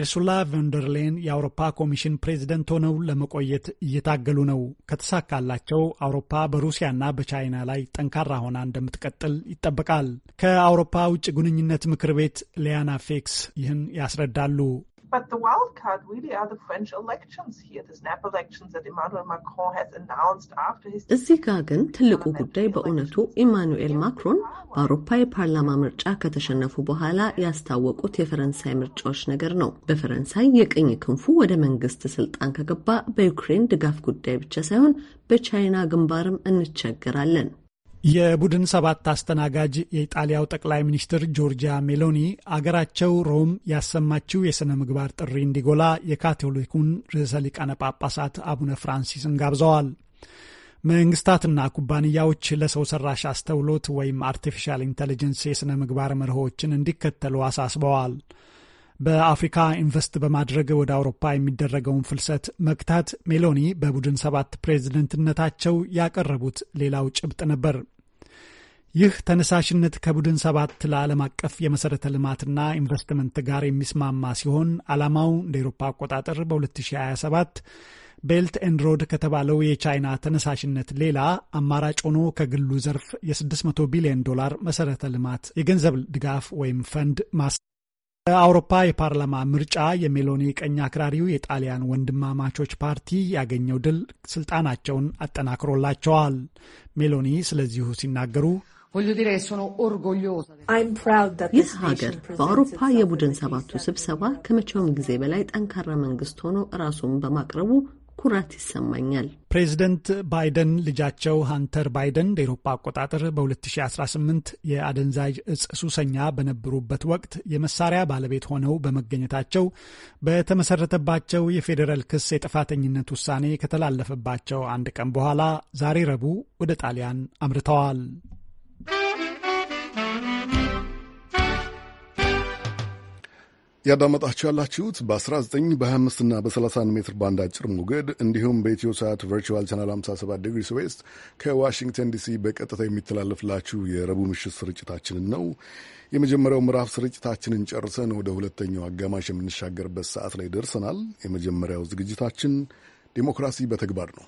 ኤርሱላ ቨንደርሌን የአውሮፓ ኮሚሽን ፕሬዝደንት ሆነው ለመቆየት እየታገሉ ነው። ከተሳካላቸው አውሮፓ በሩሲያና በቻይና ላይ ጠንካራ ሆና እንደምትቀጥል ይጠበቃል። ከአውሮፓ ውጭ ግንኙነት ምክር ቤት ሊያና ፌክስ ይህን ያስረዳሉ። But the wild card really are the French elections here, the snap elections that Emmanuel Macron has announced after his... እዚህ ጋር ግን ትልቁ ጉዳይ በእውነቱ ኢማኑኤል ማክሮን በአውሮፓ የፓርላማ ምርጫ ከተሸነፉ በኋላ ያስታወቁት የፈረንሳይ ምርጫዎች ነገር ነው። በፈረንሳይ የቀኝ ክንፉ ወደ መንግስት ስልጣን ከገባ በዩክሬን ድጋፍ ጉዳይ ብቻ ሳይሆን በቻይና ግንባርም እንቸገራለን። የቡድን ሰባት አስተናጋጅ የኢጣሊያው ጠቅላይ ሚኒስትር ጆርጂያ ሜሎኒ አገራቸው ሮም ያሰማችው የሥነ ምግባር ጥሪ እንዲጎላ የካቶሊኩን ርዕሰ ሊቃነ ጳጳሳት አቡነ ፍራንሲስን ጋብዘዋል። መንግስታትና ኩባንያዎች ለሰው ሰራሽ አስተውሎት ወይም አርቲፊሻል ኢንቴሊጀንስ የሥነ ምግባር መርሆዎችን እንዲከተሉ አሳስበዋል። በአፍሪካ ኢንቨስት በማድረግ ወደ አውሮፓ የሚደረገውን ፍልሰት መግታት ሜሎኒ በቡድን ሰባት ፕሬዝደንትነታቸው ያቀረቡት ሌላው ጭብጥ ነበር። ይህ ተነሳሽነት ከቡድን ሰባት ለዓለም አቀፍ የመሠረተ ልማትና ኢንቨስትመንት ጋር የሚስማማ ሲሆን ዓላማው እንደ ኤሮፓ አቆጣጠር በ2027 ቤልት ኤንድ ሮድ ከተባለው የቻይና ተነሳሽነት ሌላ አማራጭ ሆኖ ከግሉ ዘርፍ የ600 ቢሊዮን ዶላር መሠረተ ልማት የገንዘብ ድጋፍ ወይም ፈንድ ማስ በአውሮፓ የፓርላማ ምርጫ የሜሎኒ ቀኝ አክራሪው የጣሊያን ወንድማማቾች ፓርቲ ያገኘው ድል ስልጣናቸውን አጠናክሮላቸዋል። ሜሎኒ ስለዚሁ ሲናገሩ ይህ ሀገር በአውሮፓ የቡድን ሰባቱ ስብሰባ ከመቼውም ጊዜ በላይ ጠንካራ መንግስት ሆኖ ራሱን በማቅረቡ ኩራት ይሰማኛል። ፕሬዚደንት ባይደን ልጃቸው ሃንተር ባይደን ለአውሮፓ አቆጣጠር በ2018 የአደንዛዥ እጽ ሱሰኛ በነበሩበት ወቅት የመሳሪያ ባለቤት ሆነው በመገኘታቸው በተመሰረተባቸው የፌዴራል ክስ የጥፋተኝነት ውሳኔ ከተላለፈባቸው አንድ ቀን በኋላ ዛሬ ረቡዕ ወደ ጣሊያን አምርተዋል። ያዳመጣችሁ ያላችሁት በ19 በ25 እና በ31 ሜትር ባንድ አጭር ሞገድ እንዲሁም በኢትዮ ሰዓት ቨርቹዋል ቻናል 57 ዲግሪስ ዌስት ከዋሽንግተን ዲሲ በቀጥታ የሚተላለፍላችሁ የረቡዕ ምሽት ስርጭታችንን ነው። የመጀመሪያው ምዕራፍ ስርጭታችንን ጨርሰን ወደ ሁለተኛው አጋማሽ የምንሻገርበት ሰዓት ላይ ደርሰናል። የመጀመሪያው ዝግጅታችን ዴሞክራሲ በተግባር ነው።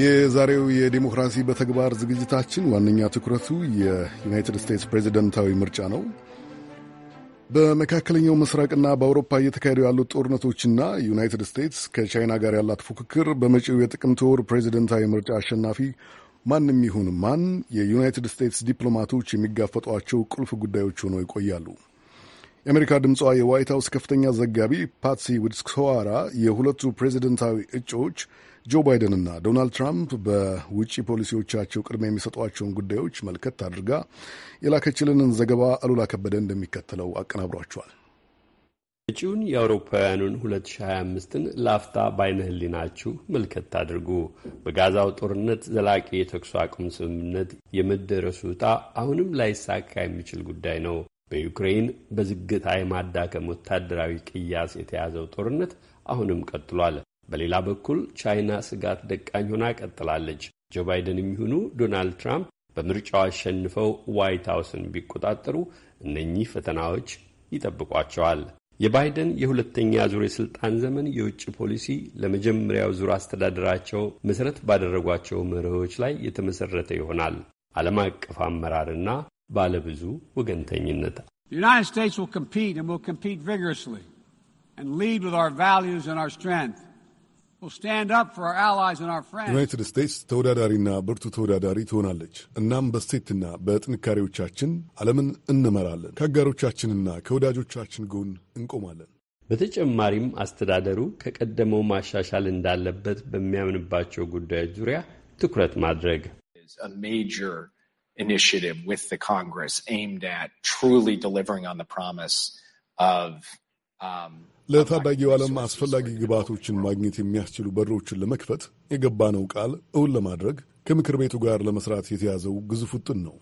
የዛሬው የዲሞክራሲ በተግባር ዝግጅታችን ዋነኛ ትኩረቱ የዩናይትድ ስቴትስ ፕሬዚደንታዊ ምርጫ ነው። በመካከለኛው ምስራቅና በአውሮፓ እየተካሄዱ ያሉት ጦርነቶችና ዩናይትድ ስቴትስ ከቻይና ጋር ያላት ፉክክር በመጪው የጥቅምት ወር ፕሬዚደንታዊ ምርጫ አሸናፊ ማንም ይሁን ማን የዩናይትድ ስቴትስ ዲፕሎማቶች የሚጋፈጧቸው ቁልፍ ጉዳዮች ሆነው ይቆያሉ። የአሜሪካ ድምጿ የዋይት ሀውስ ከፍተኛ ዘጋቢ ፓትሲ ውድስክሶዋራ የሁለቱ ፕሬዚደንታዊ እጩዎች ጆ ባይደንና ዶናልድ ትራምፕ በውጭ ፖሊሲዎቻቸው ቅድሚያ የሚሰጧቸውን ጉዳዮች መልከት አድርጋ የላከችልንን ዘገባ አሉላ ከበደ እንደሚከተለው አቀናብሯቸዋል። እጪውን የአውሮፓውያኑን 2025ን ላፍታ በዓይነ ናችሁ መልከት አድርጉ። በጋዛው ጦርነት ዘላቂ የተኩስ አቁም ስምምነት የመደረሱ ዕጣ አሁንም ላይሳካ የሚችል ጉዳይ ነው። በዩክሬን በዝግታ የማዳከም ወታደራዊ ቅያስ የተያዘው ጦርነት አሁንም ቀጥሏል። በሌላ በኩል ቻይና ስጋት ደቃኝ ሆና ቀጥላለች። ጆ ባይደን የሚሆኑ ዶናልድ ትራምፕ በምርጫው አሸንፈው ዋይት ሀውስን ቢቆጣጠሩ እነኚህ ፈተናዎች ይጠብቋቸዋል። የባይደን የሁለተኛ ዙር የሥልጣን ዘመን የውጭ ፖሊሲ ለመጀመሪያው ዙር አስተዳደራቸው መሠረት ባደረጓቸው መርሆች ላይ የተመሠረተ ይሆናል። ዓለም አቀፍ አመራርና ባለብዙ ወገንተኝነት ዩናይትድ ስቴትስ ዩናይትድ ስቴትስ ተወዳዳሪና ብርቱ ተወዳዳሪ ትሆናለች። እናም በስቴትና በጥንካሬዎቻችን ዓለምን እንመራለን። ከአጋሮቻችንና ከወዳጆቻችን ጎን እንቆማለን። በተጨማሪም አስተዳደሩ ከቀደመው ማሻሻል እንዳለበት በሚያምንባቸው ጉዳዮች ዙሪያ ትኩረት ማድረግ ለታዳጊው ዓለም አስፈላጊ ግብዓቶችን ማግኘት የሚያስችሉ በሮችን ለመክፈት የገባነው ቃል እውን ለማድረግ ከምክር ቤቱ ጋር ለመስራት የተያዘው ግዙፍ ውጥን ነው።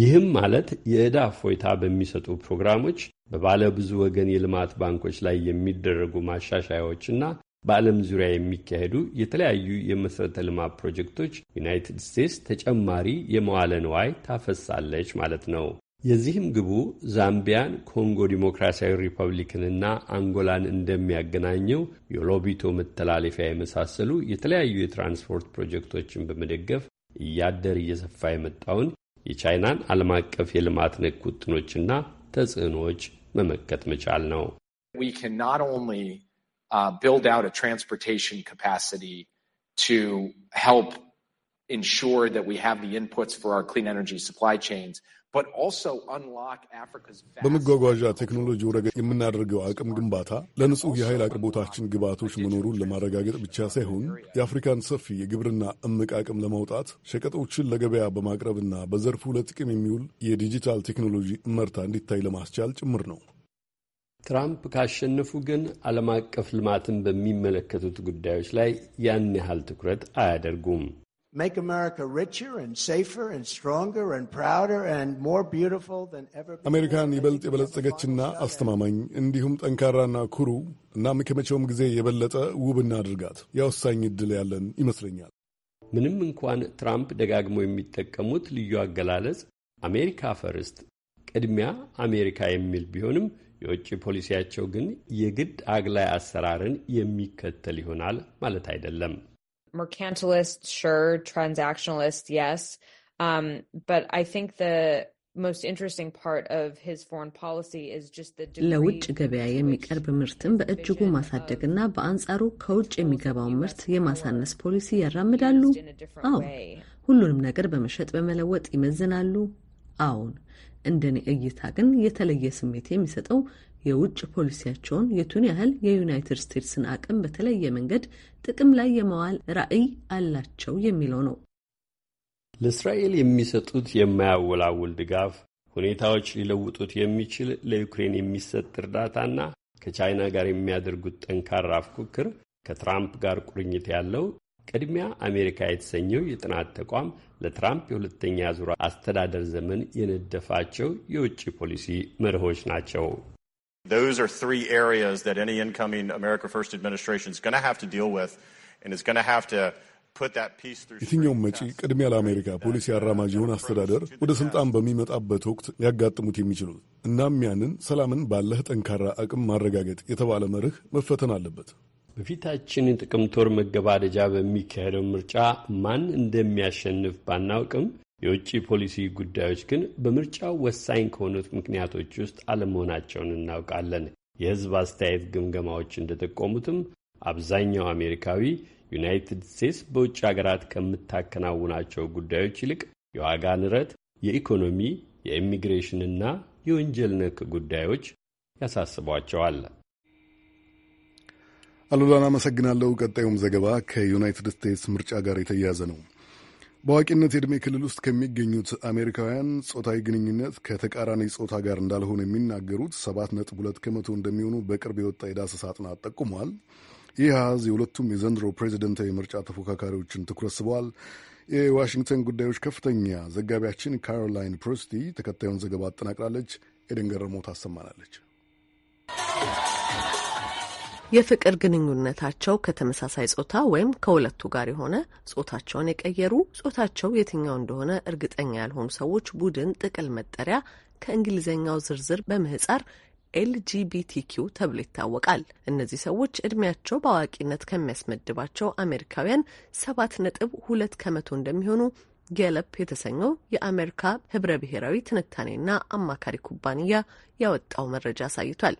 ይህም ማለት የዕዳ እፎይታ በሚሰጡ ፕሮግራሞች፣ በባለ ብዙ ወገን የልማት ባንኮች ላይ የሚደረጉ ማሻሻያዎችና በዓለም ዙሪያ የሚካሄዱ የተለያዩ የመሠረተ ልማት ፕሮጀክቶች ዩናይትድ ስቴትስ ተጨማሪ የመዋለ ንዋይ ታፈሳለች ማለት ነው። የዚህም ግቡ ዛምቢያን፣ ኮንጎ ዲሞክራሲያዊ ሪፐብሊክንና አንጎላን እንደሚያገናኘው የሎቢቶ መተላለፊያ የመሳሰሉ የተለያዩ የትራንስፖርት ፕሮጀክቶችን በመደገፍ እያደር እየሰፋ የመጣውን የቻይናን ዓለም አቀፍ የልማት ነክ ውጥኖችና ተጽዕኖዎች መመከት መቻል ነው። uh, በመጓጓዣ ቴክኖሎጂው ረገድ የምናደርገው አቅም ግንባታ ለንጹህ የኃይል አቅርቦታችን ግብዓቶች መኖሩን ለማረጋገጥ ብቻ ሳይሆን የአፍሪካን ሰፊ የግብርና እምቅ አቅም ለማውጣት ሸቀጦችን ለገበያ በማቅረብና በዘርፉ ለጥቅም የሚውል የዲጂታል ቴክኖሎጂ እመርታ እንዲታይ ለማስቻል ጭምር ነው። ትራምፕ ካሸነፉ ግን ዓለም አቀፍ ልማትን በሚመለከቱት ጉዳዮች ላይ ያን ያህል ትኩረት አያደርጉም። make America richer and safer and stronger and prouder and more beautiful than ever before. አሜሪካን ይበልጥ የበለጸገችና አስተማማኝ እንዲሁም ጠንካራና ኩሩ እናም ከመቼውም ጊዜ የበለጠ ውብና አድርጋት። የወሳኝ ዕድል ያለን ይመስለኛል። ምንም እንኳን ትራምፕ ደጋግሞ የሚጠቀሙት ልዩ አገላለጽ አሜሪካ ፈርስት፣ ቅድሚያ አሜሪካ የሚል ቢሆንም የውጭ ፖሊሲያቸው ግን የግድ አግላይ አሰራርን የሚከተል ይሆናል ማለት አይደለም። mercantilist, sure. Transactionalist, yes. Um, but I think the most interesting part of his foreign policy is just the ለውጭ ገበያ የሚቀርብ ምርትን በእጅጉ ማሳደግና በአንጻሩ ከውጭ የሚገባውን ምርት የማሳነስ ፖሊሲ ያራምዳሉ። አዎ፣ ሁሉንም ነገር በመሸጥ በመለወጥ ይመዝናሉ። አዎን፣ እንደኔ እይታ ግን የተለየ ስሜት የሚሰጠው የውጭ ፖሊሲያቸውን የቱን ያህል የዩናይትድ ስቴትስን አቅም በተለየ መንገድ ጥቅም ላይ የመዋል ራዕይ አላቸው የሚለው ነው። ለእስራኤል የሚሰጡት የማያወላውል ድጋፍ፣ ሁኔታዎች ሊለውጡት የሚችል ለዩክሬን የሚሰጥ እርዳታና ከቻይና ጋር የሚያደርጉት ጠንካራ ፉክክር ከትራምፕ ጋር ቁርኝት ያለው ቅድሚያ አሜሪካ የተሰኘው የጥናት ተቋም ለትራምፕ የሁለተኛ ዙር አስተዳደር ዘመን የነደፋቸው የውጭ ፖሊሲ መርሆች ናቸው። Those are three areas that any incoming America First administration is going to have to deal with and is going to have to የትኛውም መጪ ቅድሚያ ለአሜሪካ ፖሊሲ አራማጅ የሆነ አስተዳደር ወደ ስልጣን በሚመጣበት ወቅት ሊያጋጥሙት የሚችሉት እናም ያንን ሰላምን ባለህ ጠንካራ አቅም ማረጋገጥ የተባለ መርህ መፈተን አለበት። በፊታችን ጥቅምት ወር መገባደጃ በሚካሄደው ምርጫ ማን እንደሚያሸንፍ ባናውቅም የውጭ ፖሊሲ ጉዳዮች ግን በምርጫው ወሳኝ ከሆኑት ምክንያቶች ውስጥ አለመሆናቸውን እናውቃለን። የሕዝብ አስተያየት ግምገማዎች እንደጠቆሙትም አብዛኛው አሜሪካዊ ዩናይትድ ስቴትስ በውጭ ሀገራት ከምታከናውናቸው ጉዳዮች ይልቅ የዋጋ ንረት፣ የኢኮኖሚ፣ የኢሚግሬሽንና የወንጀል ነክ ጉዳዮች ያሳስቧቸዋል። አሉላን አመሰግናለሁ። ቀጣዩም ዘገባ ከዩናይትድ ስቴትስ ምርጫ ጋር የተያያዘ ነው። በአዋቂነት የዕድሜ ክልል ውስጥ ከሚገኙት አሜሪካውያን ጾታዊ ግንኙነት ከተቃራኒ ጾታ ጋር እንዳልሆነ የሚናገሩት ሰባት ነጥብ ሁለት ከመቶ እንደሚሆኑ በቅርብ የወጣ የዳሰሳ ጥናት ጠቁሟል። ይህ አሃዝ የሁለቱም የዘንድሮ ፕሬዚደንታዊ ምርጫ ተፎካካሪዎችን ትኩረት ስበዋል። የዋሽንግተን ጉዳዮች ከፍተኛ ዘጋቢያችን ካሮላይን ፕሮስቲ ተከታዩን ዘገባ አጠናቅራለች። ኤደን ገረሞ ታሰማናለች። የፍቅር ግንኙነታቸው ከተመሳሳይ ጾታ ወይም ከሁለቱ ጋር የሆነ ጾታቸውን የቀየሩ ጾታቸው የትኛው እንደሆነ እርግጠኛ ያልሆኑ ሰዎች ቡድን ጥቅል መጠሪያ ከእንግሊዝኛው ዝርዝር በምህጻር ኤልጂቢቲኪው ተብሎ ይታወቃል። እነዚህ ሰዎች እድሜያቸው በአዋቂነት ከሚያስመድባቸው አሜሪካውያን ሰባት ነጥብ ሁለት ከመቶ እንደሚሆኑ ጌለፕ የተሰኘው የአሜሪካ ህብረ ብሔራዊ ትንታኔና አማካሪ ኩባንያ ያወጣው መረጃ አሳይቷል።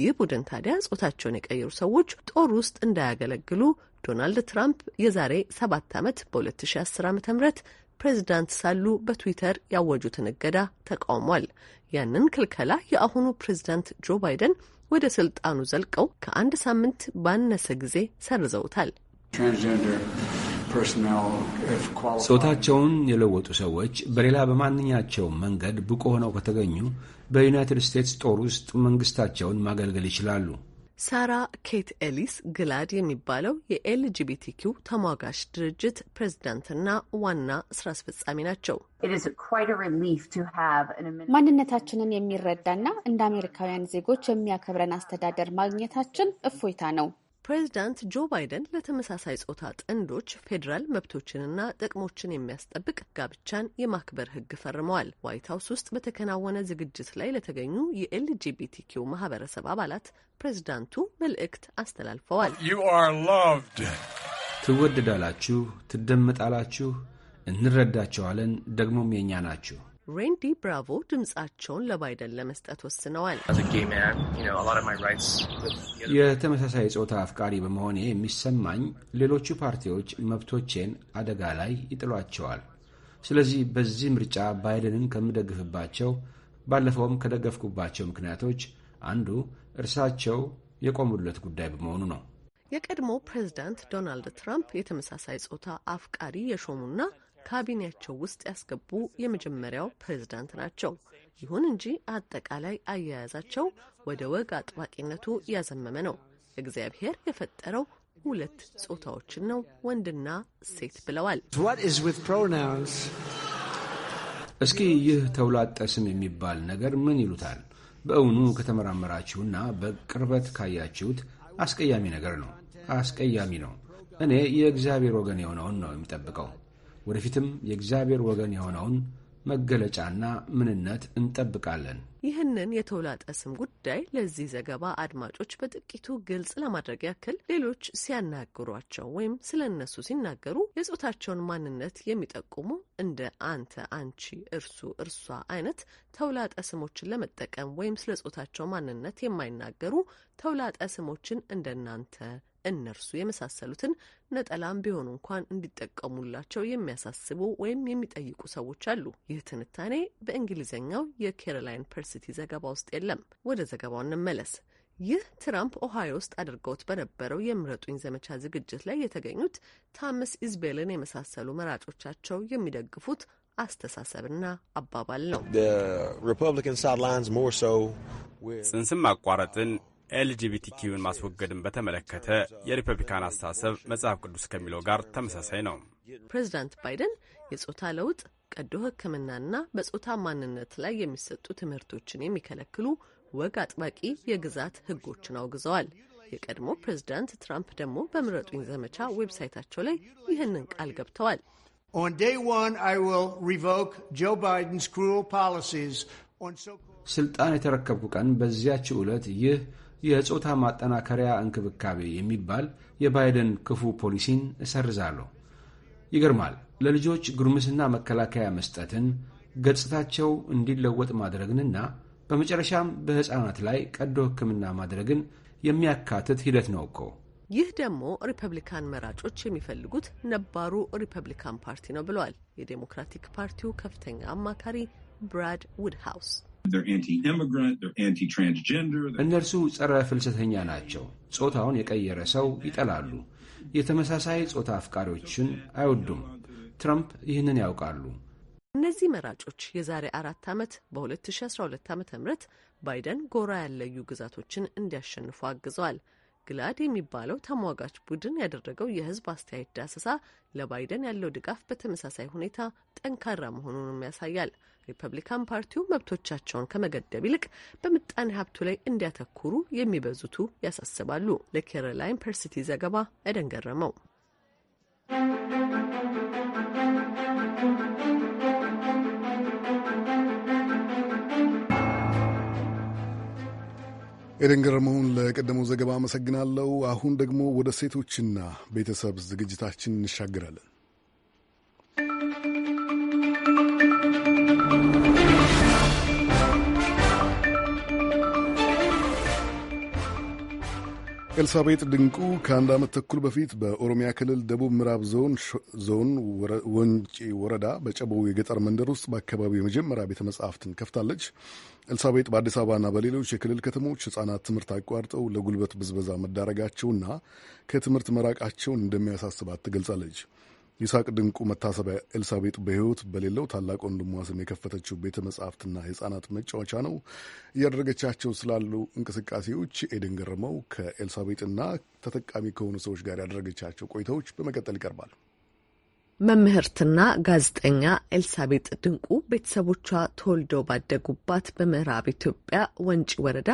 ይህ ቡድን ታዲያ ጾታቸውን የቀየሩ ሰዎች ጦር ውስጥ እንዳያገለግሉ ዶናልድ ትራምፕ የዛሬ ሰባት ዓመት በ2010 ዓ ም ፕሬዚዳንት ሳሉ በትዊተር ያወጁትን እገዳ ተቃውሟል። ያንን ክልከላ የአሁኑ ፕሬዚዳንት ጆ ባይደን ወደ ስልጣኑ ዘልቀው ከአንድ ሳምንት ባነሰ ጊዜ ሰርዘውታል። ትራንስጀንደር ጾታቸውን የለወጡ ሰዎች በሌላ በማንኛቸውም መንገድ ብቁ ሆነው ከተገኙ በዩናይትድ ስቴትስ ጦር ውስጥ መንግስታቸውን ማገልገል ይችላሉ። ሳራ ኬት ኤሊስ ግላድ የሚባለው የኤልጂቢቲኪው ተሟጋች ድርጅት ፕሬዚዳንትና ዋና ስራ አስፈጻሚ ናቸው። ማንነታችንን የሚረዳና እንደ አሜሪካውያን ዜጎች የሚያከብረን አስተዳደር ማግኘታችን እፎይታ ነው። ፕሬዚዳንት ጆ ባይደን ለተመሳሳይ ጾታ ጥንዶች ፌዴራል መብቶችንና ጥቅሞችን የሚያስጠብቅ ጋብቻን የማክበር ሕግ ፈርመዋል። ዋይት ሀውስ ውስጥ በተከናወነ ዝግጅት ላይ ለተገኙ የኤልጂቢቲኪው ማህበረሰብ አባላት ፕሬዚዳንቱ መልእክት አስተላልፈዋል። ትወደዳላችሁ፣ ትደመጣላችሁ፣ እንረዳቸዋለን፣ ደግሞም የእኛ ናችሁ ሬንዲ ብራቮ ድምጻቸውን ለባይደን ለመስጠት ወስነዋል። የተመሳሳይ ጾታ አፍቃሪ በመሆኔ የሚሰማኝ ሌሎቹ ፓርቲዎች መብቶቼን አደጋ ላይ ይጥሏቸዋል። ስለዚህ በዚህ ምርጫ ባይደንን ከምደግፍባቸው ባለፈውም ከደገፍኩባቸው ምክንያቶች አንዱ እርሳቸው የቆሙለት ጉዳይ በመሆኑ ነው። የቀድሞ ፕሬዝዳንት ዶናልድ ትራምፕ የተመሳሳይ ጾታ አፍቃሪ የሾሙና ካቢኔያቸው ውስጥ ያስገቡ የመጀመሪያው ፕሬዝዳንት ናቸው። ይሁን እንጂ አጠቃላይ አያያዛቸው ወደ ወግ አጥባቂነቱ ያዘመመ ነው። እግዚአብሔር የፈጠረው ሁለት ጾታዎችን ነው፣ ወንድና ሴት ብለዋል። እስኪ ይህ ተውላጠ ስም የሚባል ነገር ምን ይሉታል? በእውኑ ከተመራመራችሁና በቅርበት ካያችሁት አስቀያሚ ነገር ነው። አስቀያሚ ነው። እኔ የእግዚአብሔር ወገን የሆነውን ነው የሚጠብቀው። ወደፊትም የእግዚአብሔር ወገን የሆነውን መገለጫና ምንነት እንጠብቃለን። ይህንን የተውላጠ ስም ጉዳይ ለዚህ ዘገባ አድማጮች በጥቂቱ ግልጽ ለማድረግ ያክል ሌሎች ሲያናግሯቸው ወይም ስለ እነሱ ሲናገሩ የጾታቸውን ማንነት የሚጠቁሙ እንደ አንተ፣ አንቺ፣ እርሱ፣ እርሷ አይነት ተውላጠ ስሞችን ለመጠቀም ወይም ስለ ጾታቸው ማንነት የማይናገሩ ተውላጠ ስሞችን እንደናንተ እነርሱ የመሳሰሉትን ነጠላም ቢሆኑ እንኳን እንዲጠቀሙላቸው የሚያሳስቡ ወይም የሚጠይቁ ሰዎች አሉ። ይህ ትንታኔ በእንግሊዝኛው የኬሮላይን ፐርሲቲ ዘገባ ውስጥ የለም። ወደ ዘገባው እንመለስ። ይህ ትራምፕ ኦሃዮ ውስጥ አድርገውት በነበረው የምረጡኝ ዘመቻ ዝግጅት ላይ የተገኙት ታምስ ኢዝቤልን የመሳሰሉ መራጮቻቸው የሚደግፉት አስተሳሰብና አባባል ነው። ጽንስም ማቋረጥን ኤልጂቢቲኪውን ማስወገድን በተመለከተ የሪፐብሊካን አስተሳሰብ መጽሐፍ ቅዱስ ከሚለው ጋር ተመሳሳይ ነው። ፕሬዚዳንት ባይደን የጾታ ለውጥ፣ ቀዶ ሕክምናና በጾታ ማንነት ላይ የሚሰጡ ትምህርቶችን የሚከለክሉ ወግ አጥባቂ የግዛት ሕጎችን አውግዘዋል። የቀድሞ ፕሬዚዳንት ትራምፕ ደግሞ በምረጡኝ ዘመቻ ዌብሳይታቸው ላይ ይህንን ቃል ገብተዋል። ስልጣን የተረከብኩ ቀን በዚያች ዕለት ይህ የጾታ ማጠናከሪያ እንክብካቤ የሚባል የባይደን ክፉ ፖሊሲን እሰርዛለሁ። ይገርማል። ለልጆች ጉርምስና መከላከያ መስጠትን፣ ገጽታቸው እንዲለወጥ ማድረግንና በመጨረሻም በሕፃናት ላይ ቀዶ ሕክምና ማድረግን የሚያካትት ሂደት ነው እኮ። ይህ ደግሞ ሪፐብሊካን መራጮች የሚፈልጉት ነባሩ ሪፐብሊካን ፓርቲ ነው ብለዋል የዴሞክራቲክ ፓርቲው ከፍተኛ አማካሪ ብራድ ውድሃውስ። እነርሱ ጸረ ፍልሰተኛ ናቸው። ጾታውን የቀየረ ሰው ይጠላሉ። የተመሳሳይ ጾታ አፍቃሪዎችን አይወዱም። ትራምፕ ይህንን ያውቃሉ። እነዚህ መራጮች የዛሬ አራት ዓመት በ2012 ዓ ም ባይደን ጎራ ያለዩ ግዛቶችን እንዲያሸንፉ አግዘዋል። ግላድ የሚባለው ተሟጋች ቡድን ያደረገው የህዝብ አስተያየት ዳሰሳ ለባይደን ያለው ድጋፍ በተመሳሳይ ሁኔታ ጠንካራ መሆኑንም ያሳያል። ሪፐብሊካን ፓርቲው መብቶቻቸውን ከመገደብ ይልቅ በምጣኔ ሀብቱ ላይ እንዲያተኩሩ የሚበዙቱ ያሳስባሉ። ለኬረላይን ፐርሲቲ ዘገባ ኤደን ገረመው። ኤደን ገረመውን ለቀደመው ዘገባ አመሰግናለሁ። አሁን ደግሞ ወደ ሴቶችና ቤተሰብ ዝግጅታችን እንሻገራለን። ኤልሳቤጥ ድንቁ ከአንድ ዓመት ተኩል በፊት በኦሮሚያ ክልል ደቡብ ምዕራብ ዞን ዞን ወንጪ ወረዳ በጨቦ የገጠር መንደር ውስጥ በአካባቢው የመጀመሪያ ቤተ መጻሕፍትን ከፍታለች። ኤልሳቤጥ በአዲስ አበባና በሌሎች የክልል ከተሞች ሕጻናት ትምህርት አቋርጠው ለጉልበት ብዝበዛ መዳረጋቸውና ከትምህርት መራቃቸውን እንደሚያሳስባት ትገልጻለች። ይስሐቅ ድንቁ መታሰቢያ ኤልሳቤጥ በሕይወት በሌለው ታላቅ ወንድሟ ስም የከፈተችው ቤተ መጻሕፍትና ሕፃናት መጫወቻ ነው። እያደረገቻቸው ስላሉ እንቅስቃሴዎች ኤደን ገረመው ከኤልሳቤጥና ተጠቃሚ ከሆኑ ሰዎች ጋር ያደረገቻቸው ቆይታዎች በመቀጠል ይቀርባል። መምህርትና ጋዜጠኛ ኤልሳቤጥ ድንቁ ቤተሰቦቿ ተወልደው ባደጉባት በምዕራብ ኢትዮጵያ ወንጪ ወረዳ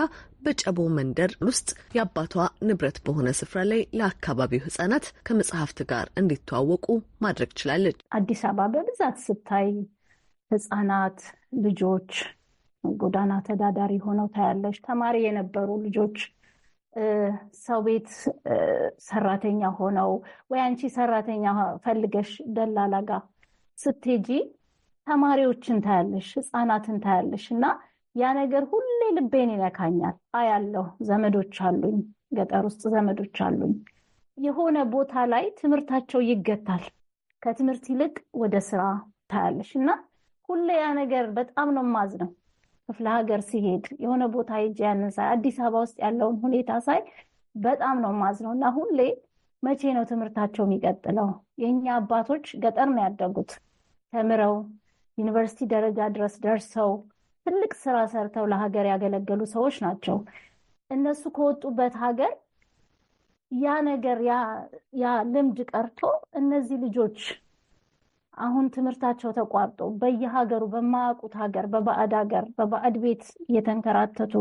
በጨቦ መንደር ውስጥ የአባቷ ንብረት በሆነ ስፍራ ላይ ለአካባቢው ሕጻናት ከመጽሐፍት ጋር እንዲተዋወቁ ማድረግ ችላለች። አዲስ አበባ በብዛት ስታይ ሕጻናት ልጆች ጎዳና ተዳዳሪ ሆነው ታያለች። ተማሪ የነበሩ ልጆች ሰው ቤት ሰራተኛ ሆነው ወይ አንቺ ሰራተኛ ፈልገሽ ደላላ ጋ ስትሄጂ ተማሪዎችን ታያለሽ፣ ህፃናትን ታያለሽ። እና ያ ነገር ሁሌ ልቤን ይነካኛል። አያለሁ። ዘመዶች አሉኝ፣ ገጠር ውስጥ ዘመዶች አሉኝ። የሆነ ቦታ ላይ ትምህርታቸው ይገታል። ከትምህርት ይልቅ ወደ ስራ ታያለሽ እና ሁሌ ያ ነገር በጣም ነው የማዝነው። ክፍለ ሀገር ሲሄድ የሆነ ቦታ ሄጄ ያንን ሳይ አዲስ አበባ ውስጥ ያለውን ሁኔታ ሳይ በጣም ነው ማዝነው እና ሁሌ መቼ ነው ትምህርታቸው የሚቀጥለው? የእኛ አባቶች ገጠር ነው ያደጉት። ተምረው ዩኒቨርሲቲ ደረጃ ድረስ ደርሰው ትልቅ ስራ ሰርተው ለሀገር ያገለገሉ ሰዎች ናቸው። እነሱ ከወጡበት ሀገር ያ ነገር ያ ልምድ ቀርቶ እነዚህ ልጆች አሁን ትምህርታቸው ተቋርጦ በየሀገሩ በማያውቁት ሀገር በባዕድ ሀገር በባዕድ ቤት እየተንከራተቱ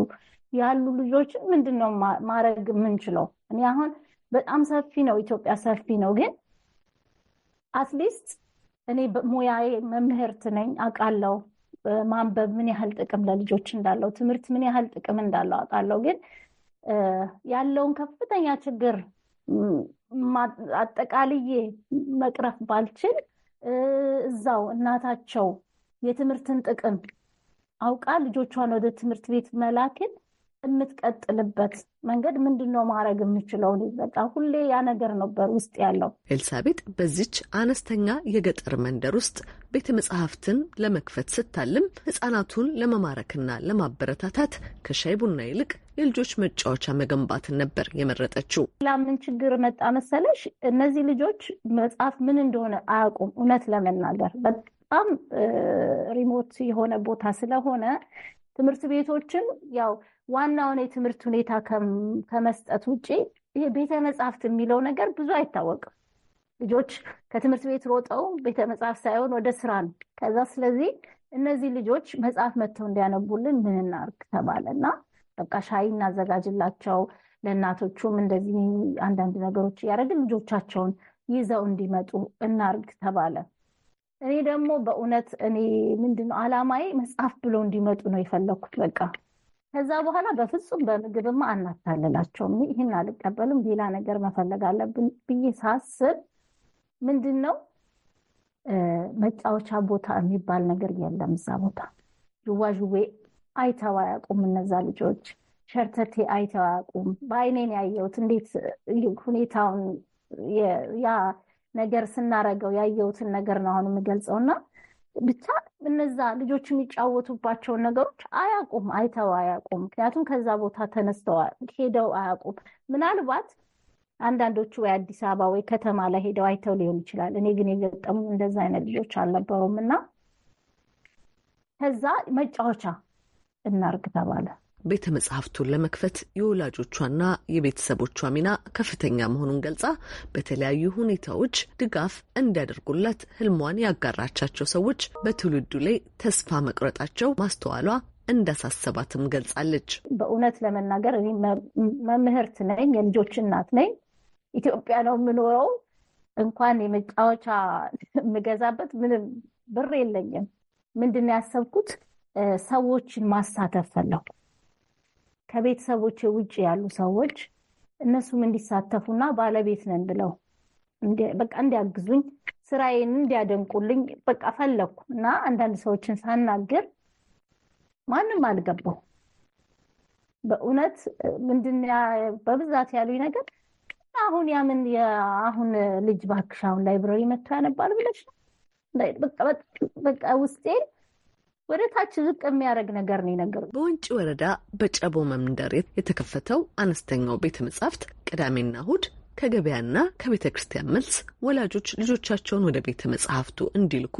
ያሉ ልጆችን ምንድን ነው ማድረግ የምንችለው? እኔ አሁን በጣም ሰፊ ነው ኢትዮጵያ ሰፊ ነው። ግን አትሊስት እኔ ሙያዬ መምህርት ነኝ አውቃለሁ። ማንበብ ምን ያህል ጥቅም ለልጆች እንዳለው፣ ትምህርት ምን ያህል ጥቅም እንዳለው አውቃለሁ። ግን ያለውን ከፍተኛ ችግር አጠቃልዬ መቅረፍ ባልችል እዛው እናታቸው የትምህርትን ጥቅም አውቃ ልጆቿን ወደ ትምህርት ቤት መላክን የምትቀጥልበት መንገድ ምንድን ነው ማድረግ የምችለው? በቃ ሁሌ ያ ነገር ነበር ውስጥ ያለው። ኤልሳቤጥ በዚች አነስተኛ የገጠር መንደር ውስጥ ቤተ መጽሐፍትን ለመክፈት ስታልም ህጻናቱን ለመማረክና ለማበረታታት ከሻይ ቡና ይልቅ የልጆች መጫወቻ መገንባትን ነበር የመረጠችው። ላምን ችግር መጣ መሰለሽ፣ እነዚህ ልጆች መጽሐፍ ምን እንደሆነ አያውቁም። እውነት ለመናገር በጣም ሪሞት የሆነ ቦታ ስለሆነ ትምህርት ቤቶችን ያው ዋናውን የትምህርት ሁኔታ ከመስጠት ውጭ ይሄ ቤተ መጽሐፍት የሚለው ነገር ብዙ አይታወቅም። ልጆች ከትምህርት ቤት ሮጠው ቤተ መጽሐፍት ሳይሆን ወደ ስራ ነው። ከዛ ስለዚህ እነዚህ ልጆች መጽሐፍ መጥተው እንዲያነቡልን ምን እናርግ ተባለ እና በቃ ሻይ እናዘጋጅላቸው፣ ለእናቶቹም እንደዚህ አንዳንድ ነገሮች እያደረግን ልጆቻቸውን ይዘው እንዲመጡ እናርግ ተባለ። እኔ ደግሞ በእውነት እኔ ምንድነው አላማዬ መጽሐፍ ብሎ እንዲመጡ ነው የፈለግኩት። በቃ ከዛ በኋላ በፍጹም በምግብማ አናታልላቸውም። ይህን አልቀበልም፣ ሌላ ነገር መፈለግ አለብን ብዬ ሳስብ ምንድን ነው መጫወቻ ቦታ የሚባል ነገር የለም። እዛ ቦታ ዥዋዥዌ አይተው አያውቁም። እነዛ ልጆች ሸርተቴ አይተው አያውቁም። በአይኔን ያየሁት እንዴት ሁኔታውን ያ ነገር ስናረገው ያየሁትን ነገር ነው አሁን የምገልጸውና ብቻ እነዛ ልጆች የሚጫወቱባቸውን ነገሮች አያውቁም፣ አይተው አያውቁም። ምክንያቱም ከዛ ቦታ ተነስተው ሄደው አያውቁም። ምናልባት አንዳንዶቹ ወይ አዲስ አበባ ወይ ከተማ ላይ ሄደው አይተው ሊሆን ይችላል። እኔ ግን የገጠሙ እንደዛ አይነት ልጆች አልነበሩም እና ከዛ መጫወቻ እናርግ ተባለ። ቤተ መጽሐፍቱን ለመክፈት የወላጆቿና የቤተሰቦቿ ሚና ከፍተኛ መሆኑን ገልጻ በተለያዩ ሁኔታዎች ድጋፍ እንዲያደርጉላት ህልሟን ያጋራቻቸው ሰዎች በትውልዱ ላይ ተስፋ መቁረጣቸው ማስተዋሏ እንዳሳሰባትም ገልጻለች። በእውነት ለመናገር እኔ መምህርት ነኝ፣ የልጆች እናት ነኝ። ኢትዮጵያ ነው የምኖረው። እንኳን የመጫወቻ የምገዛበት ምንም ብር የለኝም። ምንድን ነው ያሰብኩት? ሰዎችን ማሳተፍ ፈለኩ። ከቤተሰቦች ውጭ ያሉ ሰዎች እነሱም እንዲሳተፉና ባለቤት ነን ብለው በቃ እንዲያግዙኝ ስራዬን እንዲያደንቁልኝ በቃ ፈለግኩ እና አንዳንድ ሰዎችን ሳናግር ማንም አልገባው። በእውነት ምንድን በብዛት ያሉኝ ነገር አሁን ያምን የአሁን ልጅ ባክሽ አሁን ላይብረሪ መጥቶ ያነባል ብለሽ በቃ ውስጤን ወደ ታች ዝቅ የሚያደርግ ነገር ነው የነገሩ። በወንጪ ወረዳ በጨቦ መንደር የተከፈተው አነስተኛው ቤተ መጻሕፍት ቅዳሜና እሁድ ከገበያና ከቤተ ክርስቲያን መልስ ወላጆች ልጆቻቸውን ወደ ቤተ መጽሐፍቱ እንዲልኩ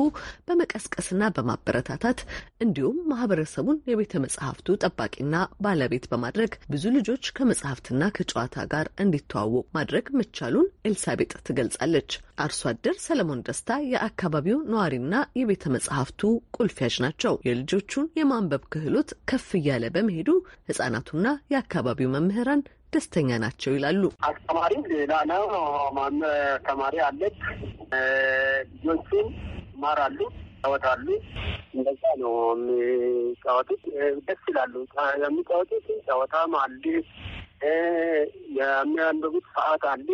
በመቀስቀስና በማበረታታት እንዲሁም ማህበረሰቡን የቤተ መጽሐፍቱ ጠባቂና ባለቤት በማድረግ ብዙ ልጆች ከመጽሐፍትና ከጨዋታ ጋር እንዲተዋወቁ ማድረግ መቻሉን ኤልሳቤጥ ትገልጻለች። አርሶ አደር ሰለሞን ደስታ የአካባቢው ነዋሪና የቤተ መጽሐፍቱ ቁልፍ ናቸው። የልጆቹን የማንበብ ክህሎት ከፍ እያለ በመሄዱ ህጻናቱና የአካባቢው መምህራን ደስተኛ ናቸው ይላሉ። አስተማሪ ሌላ ነው። ተማሪ አለች። ልጆችን ይማራሉ። ይጫወታሉ። እንደዛ ነው የሚጫወቱት። ደስ ይላሉ የሚጫወቱት። ጨዋታም አለ፣ የሚያንበቡት ሰዓት አለ።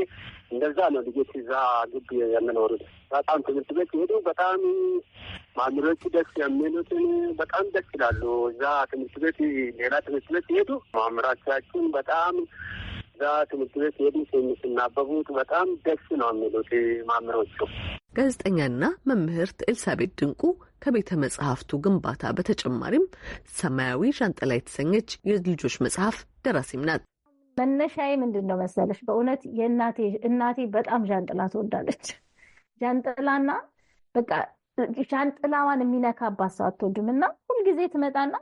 እንደዛ ነው ልጆች እዛ ግብ የምኖሩት። በጣም ትምህርት ቤት ሄዱ። በጣም ማምሮቹ ደስ የሚሉትን በጣም ደስ ይላሉ። እዛ ትምህርት ቤት ሌላ ትምህርት ቤት ሄዱ። ማምራቻችን በጣም እዛ ትምህርት ቤት ሄዱ። ስናበቡት በጣም ደስ ነው የሚሉት ማምሮቹ ጋዜጠኛና መምህርት ኤልሳቤት ድንቁ ከቤተ መጽሐፍቱ ግንባታ በተጨማሪም ሰማያዊ ዣንጥላ የተሰኘች የልጆች መጽሐፍ ደራሲም ናት። መነሻዬ ምንድን ነው መሰለሽ? በእውነት የእናቴ እናቴ በጣም ዣንጥላ ትወዳለች። ዣንጥላና በቃ ዣንጥላዋን የሚነካባት ሰው አትወድም እና ሁልጊዜ ትመጣና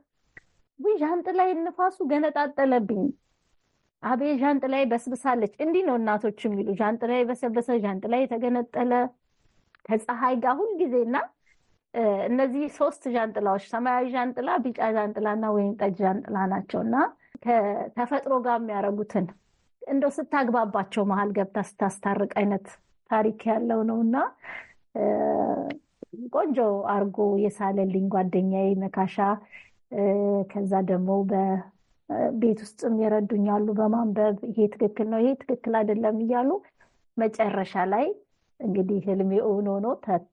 ውይ ዣንጥላ ንፋሱ ገነጣጠለብኝ፣ አቤ ዣንጥላይ በስብሳለች። እንዲህ ነው እናቶች የሚሉ ዣንጥላይ በሰበሰ፣ ዣንጥላይ የተገነጠለ ከፀሐይ ጋር ሁልጊዜና እነዚህ ሶስት ዣንጥላዎች ሰማያዊ ዣንጥላ፣ ቢጫ ዣንጥላ እና ወይን ጠጅ ዣንጥላ ናቸው እና ከተፈጥሮ ጋር የሚያደርጉትን እንደ ስታግባባቸው መሀል ገብታ ስታስታርቅ አይነት ታሪክ ያለው ነው እና ቆንጆ አርጎ የሳለልኝ ጓደኛዬ መካሻ ከዛ ደግሞ በቤት ውስጥም የረዱኛሉ በማንበብ ይሄ ትክክል ነው፣ ይሄ ትክክል አይደለም እያሉ መጨረሻ ላይ እንግዲህ ህልሜ እውን ሆኖ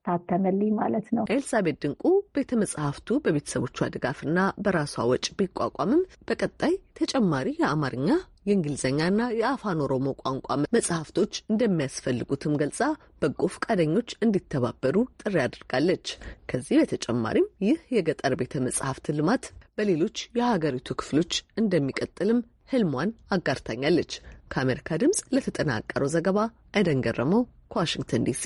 ታተመልኝ ማለት ነው። ኤልሳቤት ድንቁ ቤተ መጽሐፍቱ በቤተሰቦቿ ድጋፍና በራሷ ወጪ ቢቋቋምም በቀጣይ ተጨማሪ የአማርኛ የእንግሊዝኛና የአፋን ኦሮሞ ቋንቋ መጽሐፍቶች እንደሚያስፈልጉትም ገልጻ በጎ ፈቃደኞች እንዲተባበሩ ጥሪ አድርጋለች። ከዚህ በተጨማሪም ይህ የገጠር ቤተ መጽሐፍት ልማት በሌሎች የሀገሪቱ ክፍሎች እንደሚቀጥልም ህልሟን አጋርታኛለች። ከአሜሪካ ድምፅ ለተጠናቀረው ዘገባ አይደን ገረመው ከዋሽንግተን ዲሲ።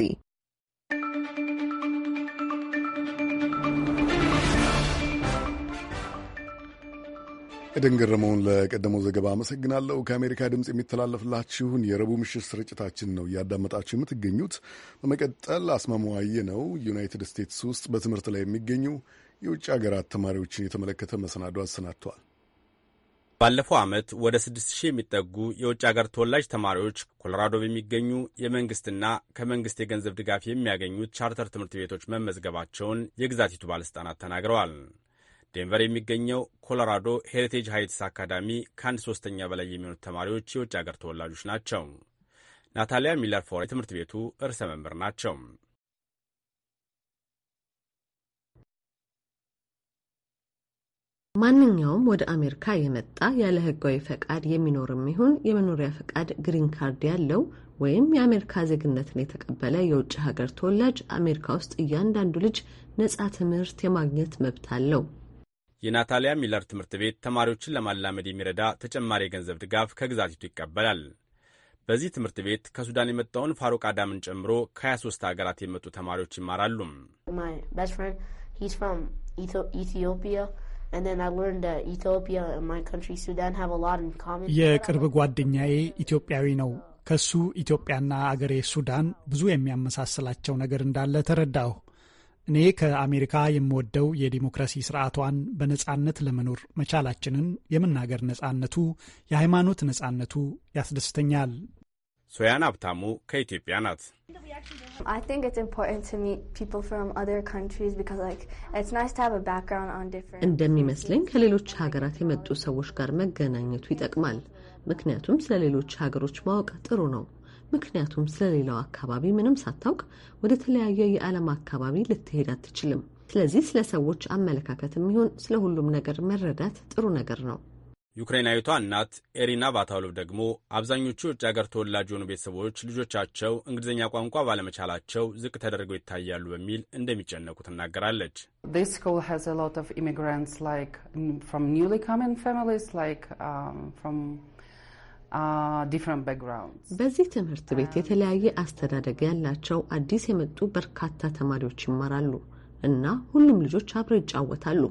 ኤደን ገረመውን ለቀደመው ዘገባ አመሰግናለሁ። ከአሜሪካ ድምፅ የሚተላለፍላችሁን የረቡዕ ምሽት ስርጭታችን ነው እያዳመጣችሁ የምትገኙት። በመቀጠል አስማማዋዬ ነው ዩናይትድ ስቴትስ ውስጥ በትምህርት ላይ የሚገኙ የውጭ ሀገራት ተማሪዎችን የተመለከተ መሰናዶ አሰናድቷል። ባለፈው ዓመት ወደ 6000 የሚጠጉ የውጭ አገር ተወላጅ ተማሪዎች ኮሎራዶ በሚገኙ የመንግስትና ከመንግስት የገንዘብ ድጋፍ የሚያገኙት ቻርተር ትምህርት ቤቶች መመዝገባቸውን የግዛቲቱ ባለሥልጣናት ተናግረዋል። ዴንቨር የሚገኘው ኮሎራዶ ሄሪቴጅ ሃይትስ አካዳሚ ከአንድ ሦስተኛ በላይ የሚሆኑት ተማሪዎች የውጭ አገር ተወላጆች ናቸው። ናታሊያ ሚለር ፎር የትምህርት ቤቱ እርሰ መምህር ናቸው። ማንኛውም ወደ አሜሪካ የመጣ ያለ ህጋዊ ፈቃድ የሚኖርም ይሁን የመኖሪያ ፈቃድ ግሪን ካርድ ያለው ወይም የአሜሪካ ዜግነትን የተቀበለ የውጭ ሀገር ተወላጅ አሜሪካ ውስጥ እያንዳንዱ ልጅ ነጻ ትምህርት የማግኘት መብት አለው። የናታሊያ ሚለር ትምህርት ቤት ተማሪዎችን ለማላመድ የሚረዳ ተጨማሪ የገንዘብ ድጋፍ ከግዛቲቱ ይቀበላል። በዚህ ትምህርት ቤት ከሱዳን የመጣውን ፋሩቅ አዳምን ጨምሮ ከ23 ሀገራት የመጡ ተማሪዎች ይማራሉ። የቅርብ ጓደኛዬ ኢትዮጵያዊ ነው። ከሱ ኢትዮጵያና አገሬ ሱዳን ብዙ የሚያመሳስላቸው ነገር እንዳለ ተረዳሁ። እኔ ከአሜሪካ የምወደው የዲሞክራሲ ስርዓቷን፣ በነጻነት ለመኖር መቻላችንን፣ የመናገር ነጻነቱ፣ የሃይማኖት ነጻነቱ ያስደስተኛል። ሶያን ሀብታሙ ከኢትዮጵያ ናት። እንደሚመስለኝ ከሌሎች ሀገራት የመጡ ሰዎች ጋር መገናኘቱ ይጠቅማል። ምክንያቱም ስለ ሌሎች ሀገሮች ማወቅ ጥሩ ነው። ምክንያቱም ስለሌላው አካባቢ ምንም ሳታውቅ ወደ ተለያየ የዓለም አካባቢ ልትሄድ አትችልም። ስለዚህ ስለ ሰዎች አመለካከት የሚሆን ስለ ሁሉም ነገር መረዳት ጥሩ ነገር ነው። ዩክሬናዊቷ እናት ኤሪና ቫታውሎቭ ደግሞ አብዛኞቹ የውጭ ሀገር ተወላጅ የሆኑ ቤተሰቦች ልጆቻቸው እንግሊዝኛ ቋንቋ ባለመቻላቸው ዝቅ ተደርገው ይታያሉ በሚል እንደሚጨነቁ ትናገራለች። um, uh, በዚህ ትምህርት ቤት የተለያየ አስተዳደግ ያላቸው አዲስ የመጡ በርካታ ተማሪዎች ይማራሉ እና ሁሉም ልጆች አብረው ይጫወታሉ።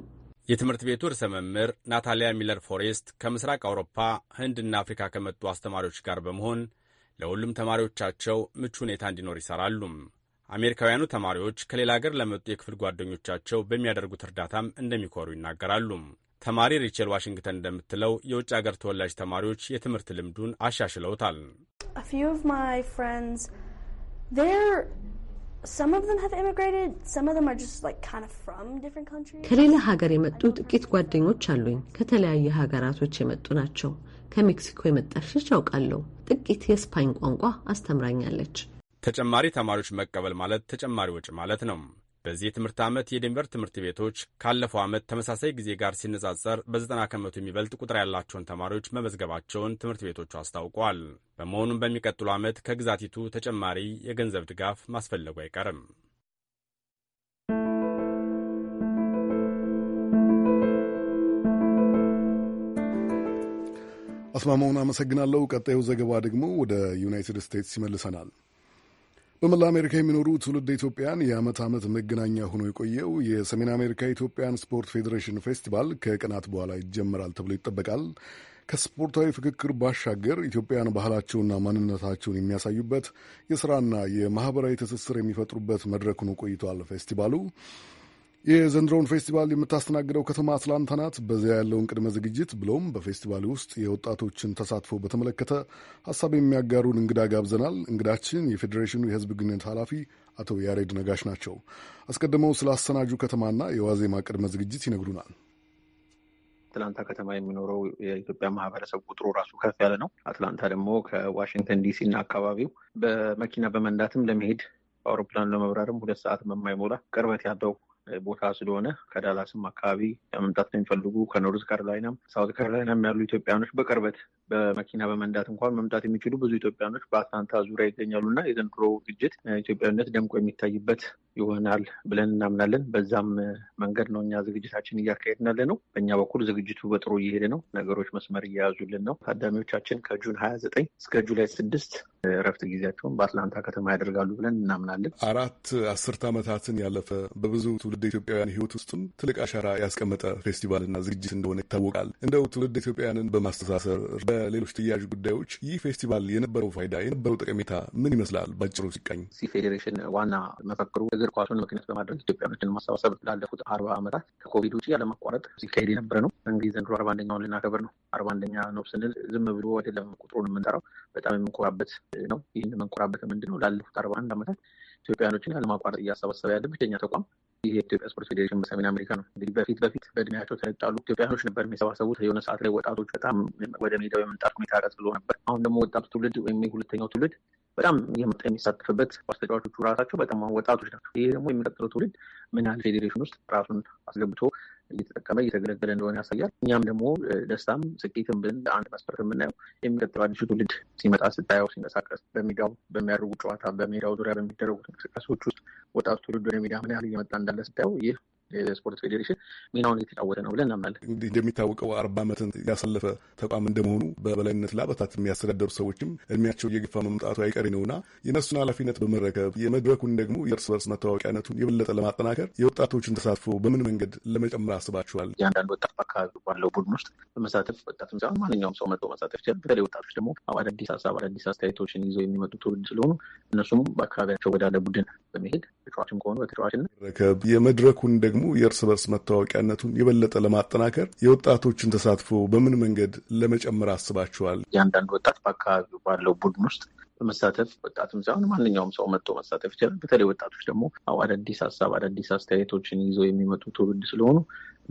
የትምህርት ቤቱ ርዕሰ መምህር ናታሊያ ሚለር ፎሬስት ከምስራቅ አውሮፓ ህንድና አፍሪካ ከመጡ አስተማሪዎች ጋር በመሆን ለሁሉም ተማሪዎቻቸው ምቹ ሁኔታ እንዲኖር ይሰራሉ። አሜሪካውያኑ ተማሪዎች ከሌላ አገር ለመጡ የክፍል ጓደኞቻቸው በሚያደርጉት እርዳታም እንደሚኮሩ ይናገራሉ። ተማሪ ሪቸል ዋሽንግተን እንደምትለው የውጭ አገር ተወላጅ ተማሪዎች የትምህርት ልምዱን አሻሽለውታል። ከሌላ ሀገር የመጡ ጥቂት ጓደኞች አሉኝ። ከተለያየ ሀገራቶች የመጡ ናቸው። ከሜክሲኮ የመጣች ልጅ አውቃለሁ። ጥቂት የስፓኝ ቋንቋ አስተምራኛለች። ተጨማሪ ተማሪዎች መቀበል ማለት ተጨማሪ ወጪ ማለት ነው። በዚህ የትምህርት ዓመት የዴንቨር ትምህርት ቤቶች ካለፈው ዓመት ተመሳሳይ ጊዜ ጋር ሲነጻጸር በዘጠና ከመቶ የሚበልጥ ቁጥር ያላቸውን ተማሪዎች መመዝገባቸውን ትምህርት ቤቶቹ አስታውቋል። በመሆኑም በሚቀጥሉ ዓመት ከግዛቲቱ ተጨማሪ የገንዘብ ድጋፍ ማስፈለጉ አይቀርም። አስማማውን አመሰግናለሁ። ቀጣዩ ዘገባ ደግሞ ወደ ዩናይትድ ስቴትስ ይመልሰናል። በመላ አሜሪካ የሚኖሩ ትውልድ ኢትዮጵያን የዓመት ዓመት መገናኛ ሆኖ የቆየው የሰሜን አሜሪካ ኢትዮጵያን ስፖርት ፌዴሬሽን ፌስቲቫል ከቀናት በኋላ ይጀመራል ተብሎ ይጠበቃል። ከስፖርታዊ ፍክክር ባሻገር ኢትዮጵያን ባህላቸውና ማንነታቸውን የሚያሳዩበት የሥራና የማኅበራዊ ትስስር የሚፈጥሩበት መድረክ ሆኖ ቆይቷል ፌስቲቫሉ የዘንድሮውን ፌስቲቫል የምታስተናግደው ከተማ አትላንታ ናት። በዚያ ያለውን ቅድመ ዝግጅት ብሎም በፌስቲቫሉ ውስጥ የወጣቶችን ተሳትፎ በተመለከተ ሀሳብ የሚያጋሩን እንግዳ ጋብዘናል። እንግዳችን የፌዴሬሽኑ የሕዝብ ግንኙነት ኃላፊ አቶ ያሬድ ነጋሽ ናቸው። አስቀድመው ስለ አሰናጁ ከተማና የዋዜማ ቅድመ ዝግጅት ይነግሩናል። አትላንታ ከተማ የሚኖረው የኢትዮጵያ ማህበረሰብ ቁጥሩ ራሱ ከፍ ያለ ነው። አትላንታ ደግሞ ከዋሽንግተን ዲሲ እና አካባቢው በመኪና በመንዳትም ለመሄድ በአውሮፕላን ለመብራርም ሁለት ሰዓት በማይሞላ ቅርበት ያለው ቦታ ስለሆነ ከዳላስም አካባቢ መምጣት የሚፈልጉ ከኖርዝ ካሮላይናም ሳውት ካሮላይናም ያሉ ኢትዮጵያኖች በቅርበት በመኪና በመንዳት እንኳን መምጣት የሚችሉ ብዙ ኢትዮጵያኖች በአትላንታ ዙሪያ ይገኛሉ እና የዘንድሮ ዝግጅት ኢትዮጵያዊነት ደምቆ የሚታይበት ይሆናል ብለን እናምናለን። በዛም መንገድ ነው እኛ ዝግጅታችን እያካሄድን ያለ ነው። በእኛ በኩል ዝግጅቱ በጥሩ እየሄደ ነው። ነገሮች መስመር እየያዙልን ነው። ታዳሚዎቻችን ከጁን ሀያ ዘጠኝ እስከ ጁላይ ስድስት እረፍት ጊዜያቸውን በአትላንታ ከተማ ያደርጋሉ ብለን እናምናለን። አራት አስርት ዓመታትን ያለፈ በብዙ ትውልድ ኢትዮጵያውያን ህይወት ውስጥም ትልቅ አሻራ ያስቀመጠ ፌስቲቫልና ዝግጅት እንደሆነ ይታወቃል። እንደው ትውልድ ኢትዮጵያውያንን በማስተሳሰር በሌሎች ተያያዥ ጉዳዮች ይህ ፌስቲቫል የነበረው ፋይዳ የነበረው ጠቀሜታ ምን ይመስላል? ባጭሩ ሲቃኝ ሲ ፌዴሬሽን ዋና መፈክሩ እግር ኳሱን ምክንያት በማድረግ ኢትዮጵያኖችን ማሰባሰብ ላለፉት አርባ ዓመታት ከኮቪድ ውጭ ያለማቋረጥ ሲካሄድ የነበረ ነው። እንግዲህ ዘንድሮ አርባ አንደኛውን ልናከብር ነው። አርባ አንደኛ ነው ስንል ዝም ብሎ አይደለም ቁጥሩን የምንጠራው፣ በጣም የምንኮራበት ነው። ይህን የምንኮራበት ምንድን ነው? ላለፉት አርባ አንድ ዓመታት ኢትዮጵያኖችን ያለማቋረጥ እያሰባሰበ ያለ ብቸኛ ተቋም ይህ የኢትዮጵያ ስፖርት ፌዴሬሽን በሰሜን አሜሪካ ነው። እንግዲህ በፊት በፊት በእድሜያቸው ተለጣሉ ኢትዮጵያኖች ነበር የሚሰባሰቡት። የሆነ ሰዓት ላይ ወጣቶች በጣም ወደ ሜዳው የመምጣት ሁኔታ ቀጥሎ ነበር። አሁን ደግሞ ወጣቱ ትውልድ ወይም ሁለተኛው ትውልድ በጣም የመጣ የሚሳተፍበት ኳስ ተጫዋቾቹ ራሳቸው በጣም ወጣቶች ናቸው። ይህ ደግሞ የሚቀጥለው ትውልድ ምን ያህል ፌዴሬሽን ውስጥ ራሱን አስገብቶ እየተጠቀመ እየተገለገለ እንደሆነ ያሳያል። እኛም ደግሞ ደስታም ስኬትም ብን አንድ መስፈርት የምናየው የሚቀጥለው አዲሱ ትውልድ ሲመጣ ስታየው፣ ሲንቀሳቀስ በሜዳው በሚያደርጉ ጨዋታ በሜዳው ዙሪያ በሚደረጉት እንቅስቃሴዎች ውስጥ ወጣቱ ትውልድ ወደ ሜዳ ምን ያህል እየመጣ እንዳለ ስታየው ይህ ስፖርት ፌዴሬሽን ሚናውን የተጫወተ ነው ብለን እናምናለን። እንደሚታወቀው አርባ ዓመትን ያሳለፈ ተቋም እንደመሆኑ በበላይነት ለአባታት የሚያስተዳደሩ ሰዎችም እድሜያቸው እየገፋ መምጣቱ አይቀሬ ነውና የእነሱን ኃላፊነት በመረከብ የመድረኩን ደግሞ የእርስ በርስ መታወቂያነቱን የበለጠ ለማጠናከር የወጣቶችን ተሳትፎ በምን መንገድ ለመጨመር አስባችኋል? እያንዳንድ ወጣት በአካባቢ ባለው ቡድን ውስጥ በመሳተፍ ወጣት ማንኛውም ሰው መጥቶ መሳተፍ ይችላል። በተለይ ወጣቶች ደግሞ አዳዲስ ሀሳብ አዳዲስ አስተያየቶችን ይዘው የሚመጡ ትውልድ ስለሆኑ እነሱም በአካባቢያቸው ወዳለ ቡድን በመሄድ ተጫዋችም ከሆኑ በተጫዋችነት የመድረኩን ደግሞ ደግሞ የእርስ በርስ መታወቂያነቱን የበለጠ ለማጠናከር የወጣቶችን ተሳትፎ በምን መንገድ ለመጨመር አስባችኋል? የአንዳንድ ወጣት በአካባቢው ባለው ቡድን ውስጥ በመሳተፍ ወጣትም ሳይሆን ማንኛውም ሰው መጥቶ መሳተፍ ይችላል። በተለይ ወጣቶች ደግሞ አዳዲስ ሀሳብ፣ አዳዲስ አስተያየቶችን ይዘው የሚመጡ ትውልድ ስለሆኑ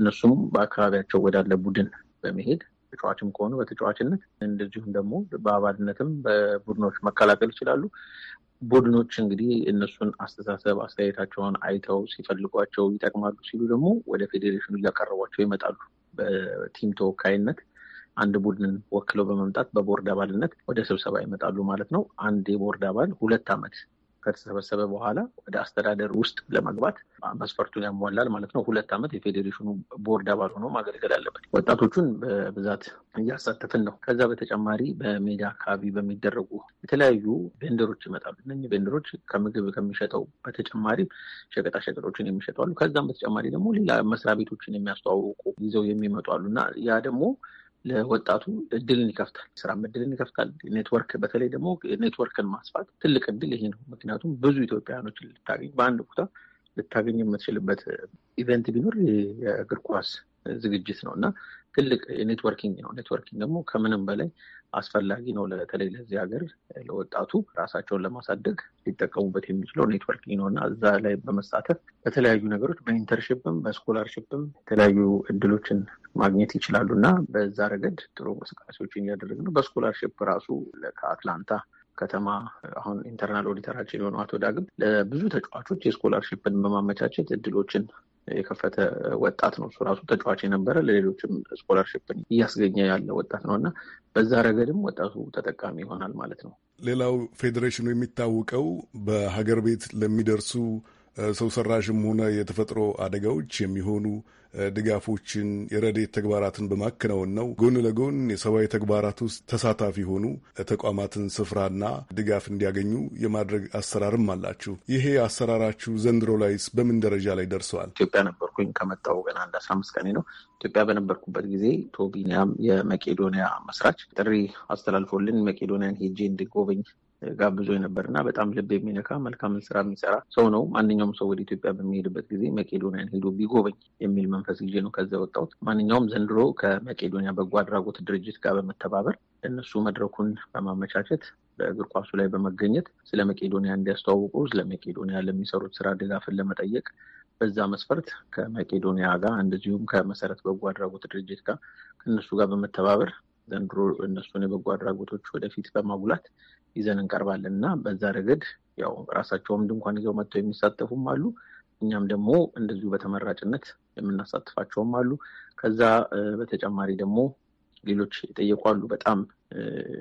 እነሱም በአካባቢያቸው ወዳለ ቡድን በመሄድ ተጫዋችም ከሆኑ በተጫዋችነት እንደዚሁም ደግሞ በአባልነትም በቡድኖች መቀላቀል ይችላሉ። ቡድኖች እንግዲህ እነሱን አስተሳሰብ አስተያየታቸውን አይተው ሲፈልጓቸው ይጠቅማሉ ሲሉ ደግሞ ወደ ፌዴሬሽኑ እያቀረቧቸው ይመጣሉ። በቲም ተወካይነት አንድ ቡድንን ወክለው በመምጣት በቦርድ አባልነት ወደ ስብሰባ ይመጣሉ ማለት ነው። አንድ የቦርድ አባል ሁለት ዓመት ከተሰበሰበ በኋላ ወደ አስተዳደር ውስጥ ለመግባት መስፈርቱን ያሟላል ማለት ነው። ሁለት ዓመት የፌዴሬሽኑ ቦርድ አባል ሆኖ ማገልገል አለበት። ወጣቶቹን በብዛት እያሳተፍን ነው። ከዛ በተጨማሪ በሜዳ አካባቢ በሚደረጉ የተለያዩ ቬንደሮች ይመጣሉ። እነ ቬንደሮች ከምግብ ከሚሸጠው በተጨማሪ ሸቀጣሸቀጦችን የሚሸጡ ከዛም በተጨማሪ ደግሞ ሌላ መስሪያ ቤቶችን የሚያስተዋውቁ ይዘው የሚመጡ አሉ እና ያ ደግሞ ለወጣቱ እድልን ይከፍታል። ስራም እድልን ይከፍታል። ኔትወርክ በተለይ ደግሞ ኔትወርክን ማስፋት ትልቅ እድል ይሄ ነው። ምክንያቱም ብዙ ኢትዮጵያውያኖችን ልታገኝ በአንድ ቦታ ልታገኝ የምትችልበት ኢቨንት ቢኖር የእግር ኳስ ዝግጅት ነው እና ትልቅ ኔትወርኪንግ ነው። ኔትወርኪንግ ደግሞ ከምንም በላይ አስፈላጊ ነው። በተለይ ለዚህ ሀገር ለወጣቱ ራሳቸውን ለማሳደግ ሊጠቀሙበት የሚችለው ኔትወርኪንግ ነው እና እዛ ላይ በመሳተፍ በተለያዩ ነገሮች በኢንተርሽፕም በስኮላርሽፕም የተለያዩ እድሎችን ማግኘት ይችላሉ እና በዛ ረገድ ጥሩ እንቅስቃሴዎችን እያደረግን ነው። በስኮላርሽፕ ራሱ ከአትላንታ ከተማ አሁን ኢንተርናል ኦዲተራችን የሆነው አቶ ዳግም ለብዙ ተጫዋቾች የስኮላርሽፕን በማመቻቸት እድሎችን የከፈተ ወጣት ነው። እሱ ራሱ ተጫዋች የነበረ ለሌሎችም ስኮላርሽፕን እያስገኘ ያለ ወጣት ነው እና በዛ ረገድም ወጣቱ ተጠቃሚ ይሆናል ማለት ነው። ሌላው ፌዴሬሽኑ የሚታወቀው በሀገር ቤት ለሚደርሱ ሰው ሰራሽም ሆነ የተፈጥሮ አደጋዎች የሚሆኑ ድጋፎችን የረዴት ተግባራትን በማከናወን ነው። ጎን ለጎን የሰብአዊ ተግባራት ውስጥ ተሳታፊ ሆኑ ተቋማትን ስፍራና ድጋፍ እንዲያገኙ የማድረግ አሰራርም አላችሁ። ይሄ አሰራራችሁ ዘንድሮ ላይስ በምን ደረጃ ላይ ደርሰዋል? ኢትዮጵያ ነበርኩኝ ከመጣሁ ገና አንድ አስራ አምስት ቀኔ ነው። ኢትዮጵያ በነበርኩበት ጊዜ ቶቢኒያም የመቄዶንያ መስራች ጥሪ አስተላልፎልን መቄዶኒያን ሄጄ እንድጎበኝ ጋብዞ የነበርና እና በጣም ልብ የሚነካ መልካምን ስራ የሚሰራ ሰው ነው። ማንኛውም ሰው ወደ ኢትዮጵያ በሚሄድበት ጊዜ መቄዶንያን ሄዶ ቢጎበኝ የሚል መንፈስ ጊዜ ነው ከዛ ወጣሁት። ማንኛውም ዘንድሮ ከመቄዶንያ በጎ አድራጎት ድርጅት ጋር በመተባበር እነሱ መድረኩን በማመቻቸት በእግር ኳሱ ላይ በመገኘት ስለ መቄዶንያ እንዲያስተዋውቁ ስለ መቄዶኒያ ለሚሰሩት ስራ ድጋፍን ለመጠየቅ በዛ መስፈርት ከመቄዶንያ ጋር እንደዚሁም ከመሰረት በጎ አድራጎት ድርጅት ጋር ከእነሱ ጋር በመተባበር ዘንድሮ እነሱን የበጎ አድራጎቶች ወደፊት በማጉላት ይዘን እንቀርባለን እና በዛ ረገድ ያው ራሳቸውም ድንኳን ይዘው መጥተው የሚሳተፉም አሉ። እኛም ደግሞ እንደዚሁ በተመራጭነት የምናሳትፋቸውም አሉ። ከዛ በተጨማሪ ደግሞ ሌሎች የጠየቁ አሉ። በጣም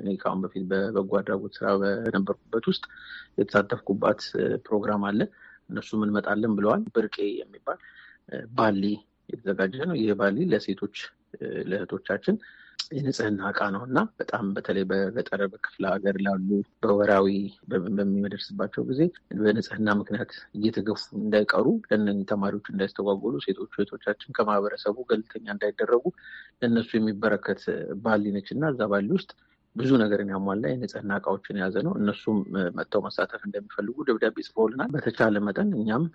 እኔ ከአሁን በፊት በበጎ አድራጎት ስራ በነበርኩበት ውስጥ የተሳተፍኩባት ፕሮግራም አለ። እነሱም እንመጣለን ብለዋል። ብርቄ የሚባል ባሊ የተዘጋጀ ነው። ይህ ባሊ ለሴቶች ለእህቶቻችን የንጽህና እቃ ነው እና በጣም በተለይ በገጠር በክፍለ ሀገር ላሉ በወራዊ በሚደርስባቸው ጊዜ በንጽህና ምክንያት እየተገፉ እንዳይቀሩ ለነ ተማሪዎች እንዳይስተጓጎሉ ሴቶቹ እህቶቻችን ከማህበረሰቡ ገለልተኛ እንዳይደረጉ ለእነሱ የሚበረከት ባሊ ነች እና እዛ ባሊ ውስጥ ብዙ ነገርን ያሟላ የንጽህና እቃዎችን የያዘ ነው። እነሱም መጥተው መሳተፍ እንደሚፈልጉ ደብዳቤ ጽፈውልናል። በተቻለ መጠን እኛም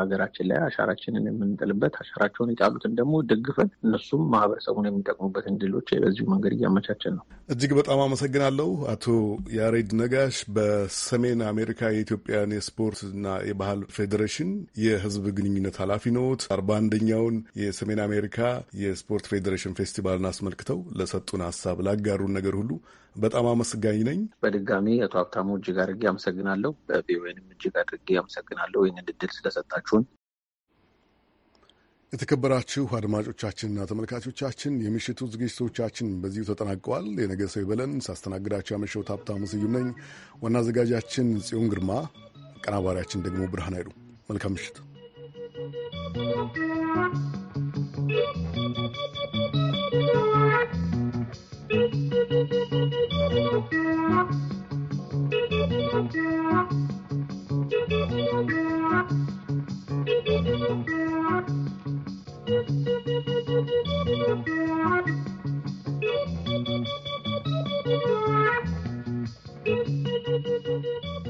ሀገራችን ላይ አሻራችንን የምንጥልበት አሻራቸውን የጣሉትን ደግሞ ደግፈን እነሱም ማህበረሰቡን የሚጠቅሙበትን ድሎች በዚሁ መንገድ እያመቻችን ነው። እጅግ በጣም አመሰግናለሁ አቶ ያሬድ ነጋሽ በሰሜን አሜሪካ የኢትዮጵያን የስፖርትና የባህል ፌዴሬሽን የህዝብ ግንኙነት ኃላፊ ነት አርባ አንደኛውን የሰሜን አሜሪካ የስፖርት ፌዴሬሽን ፌስቲቫልን አስመልክተው ለሰጡን ሀሳብ ላጋሩን ነገር ሁሉ በጣም አመስጋኝ ነኝ። በድጋሚ አቶ ሀብታሙ እጅግ አድርጌ አመሰግናለሁ። ቪኦኤንም እጅግ አድርጌ አመሰግናለሁ ይህንን እድል ስለሰጣችሁን። የተከበራችሁ አድማጮቻችንና ተመልካቾቻችን የምሽቱ ዝግጅቶቻችን በዚሁ ተጠናቀዋል። የነገ ሰው ይበለን። ሳስተናግዳችሁ ያመሸሁት ሀብታሙ ስዩም ነኝ። ዋና አዘጋጃችን ጽዮን ግርማ፣ አቀናባሪያችን ደግሞ ብርሃን አይሉ። መልካም ምሽት። Thank you.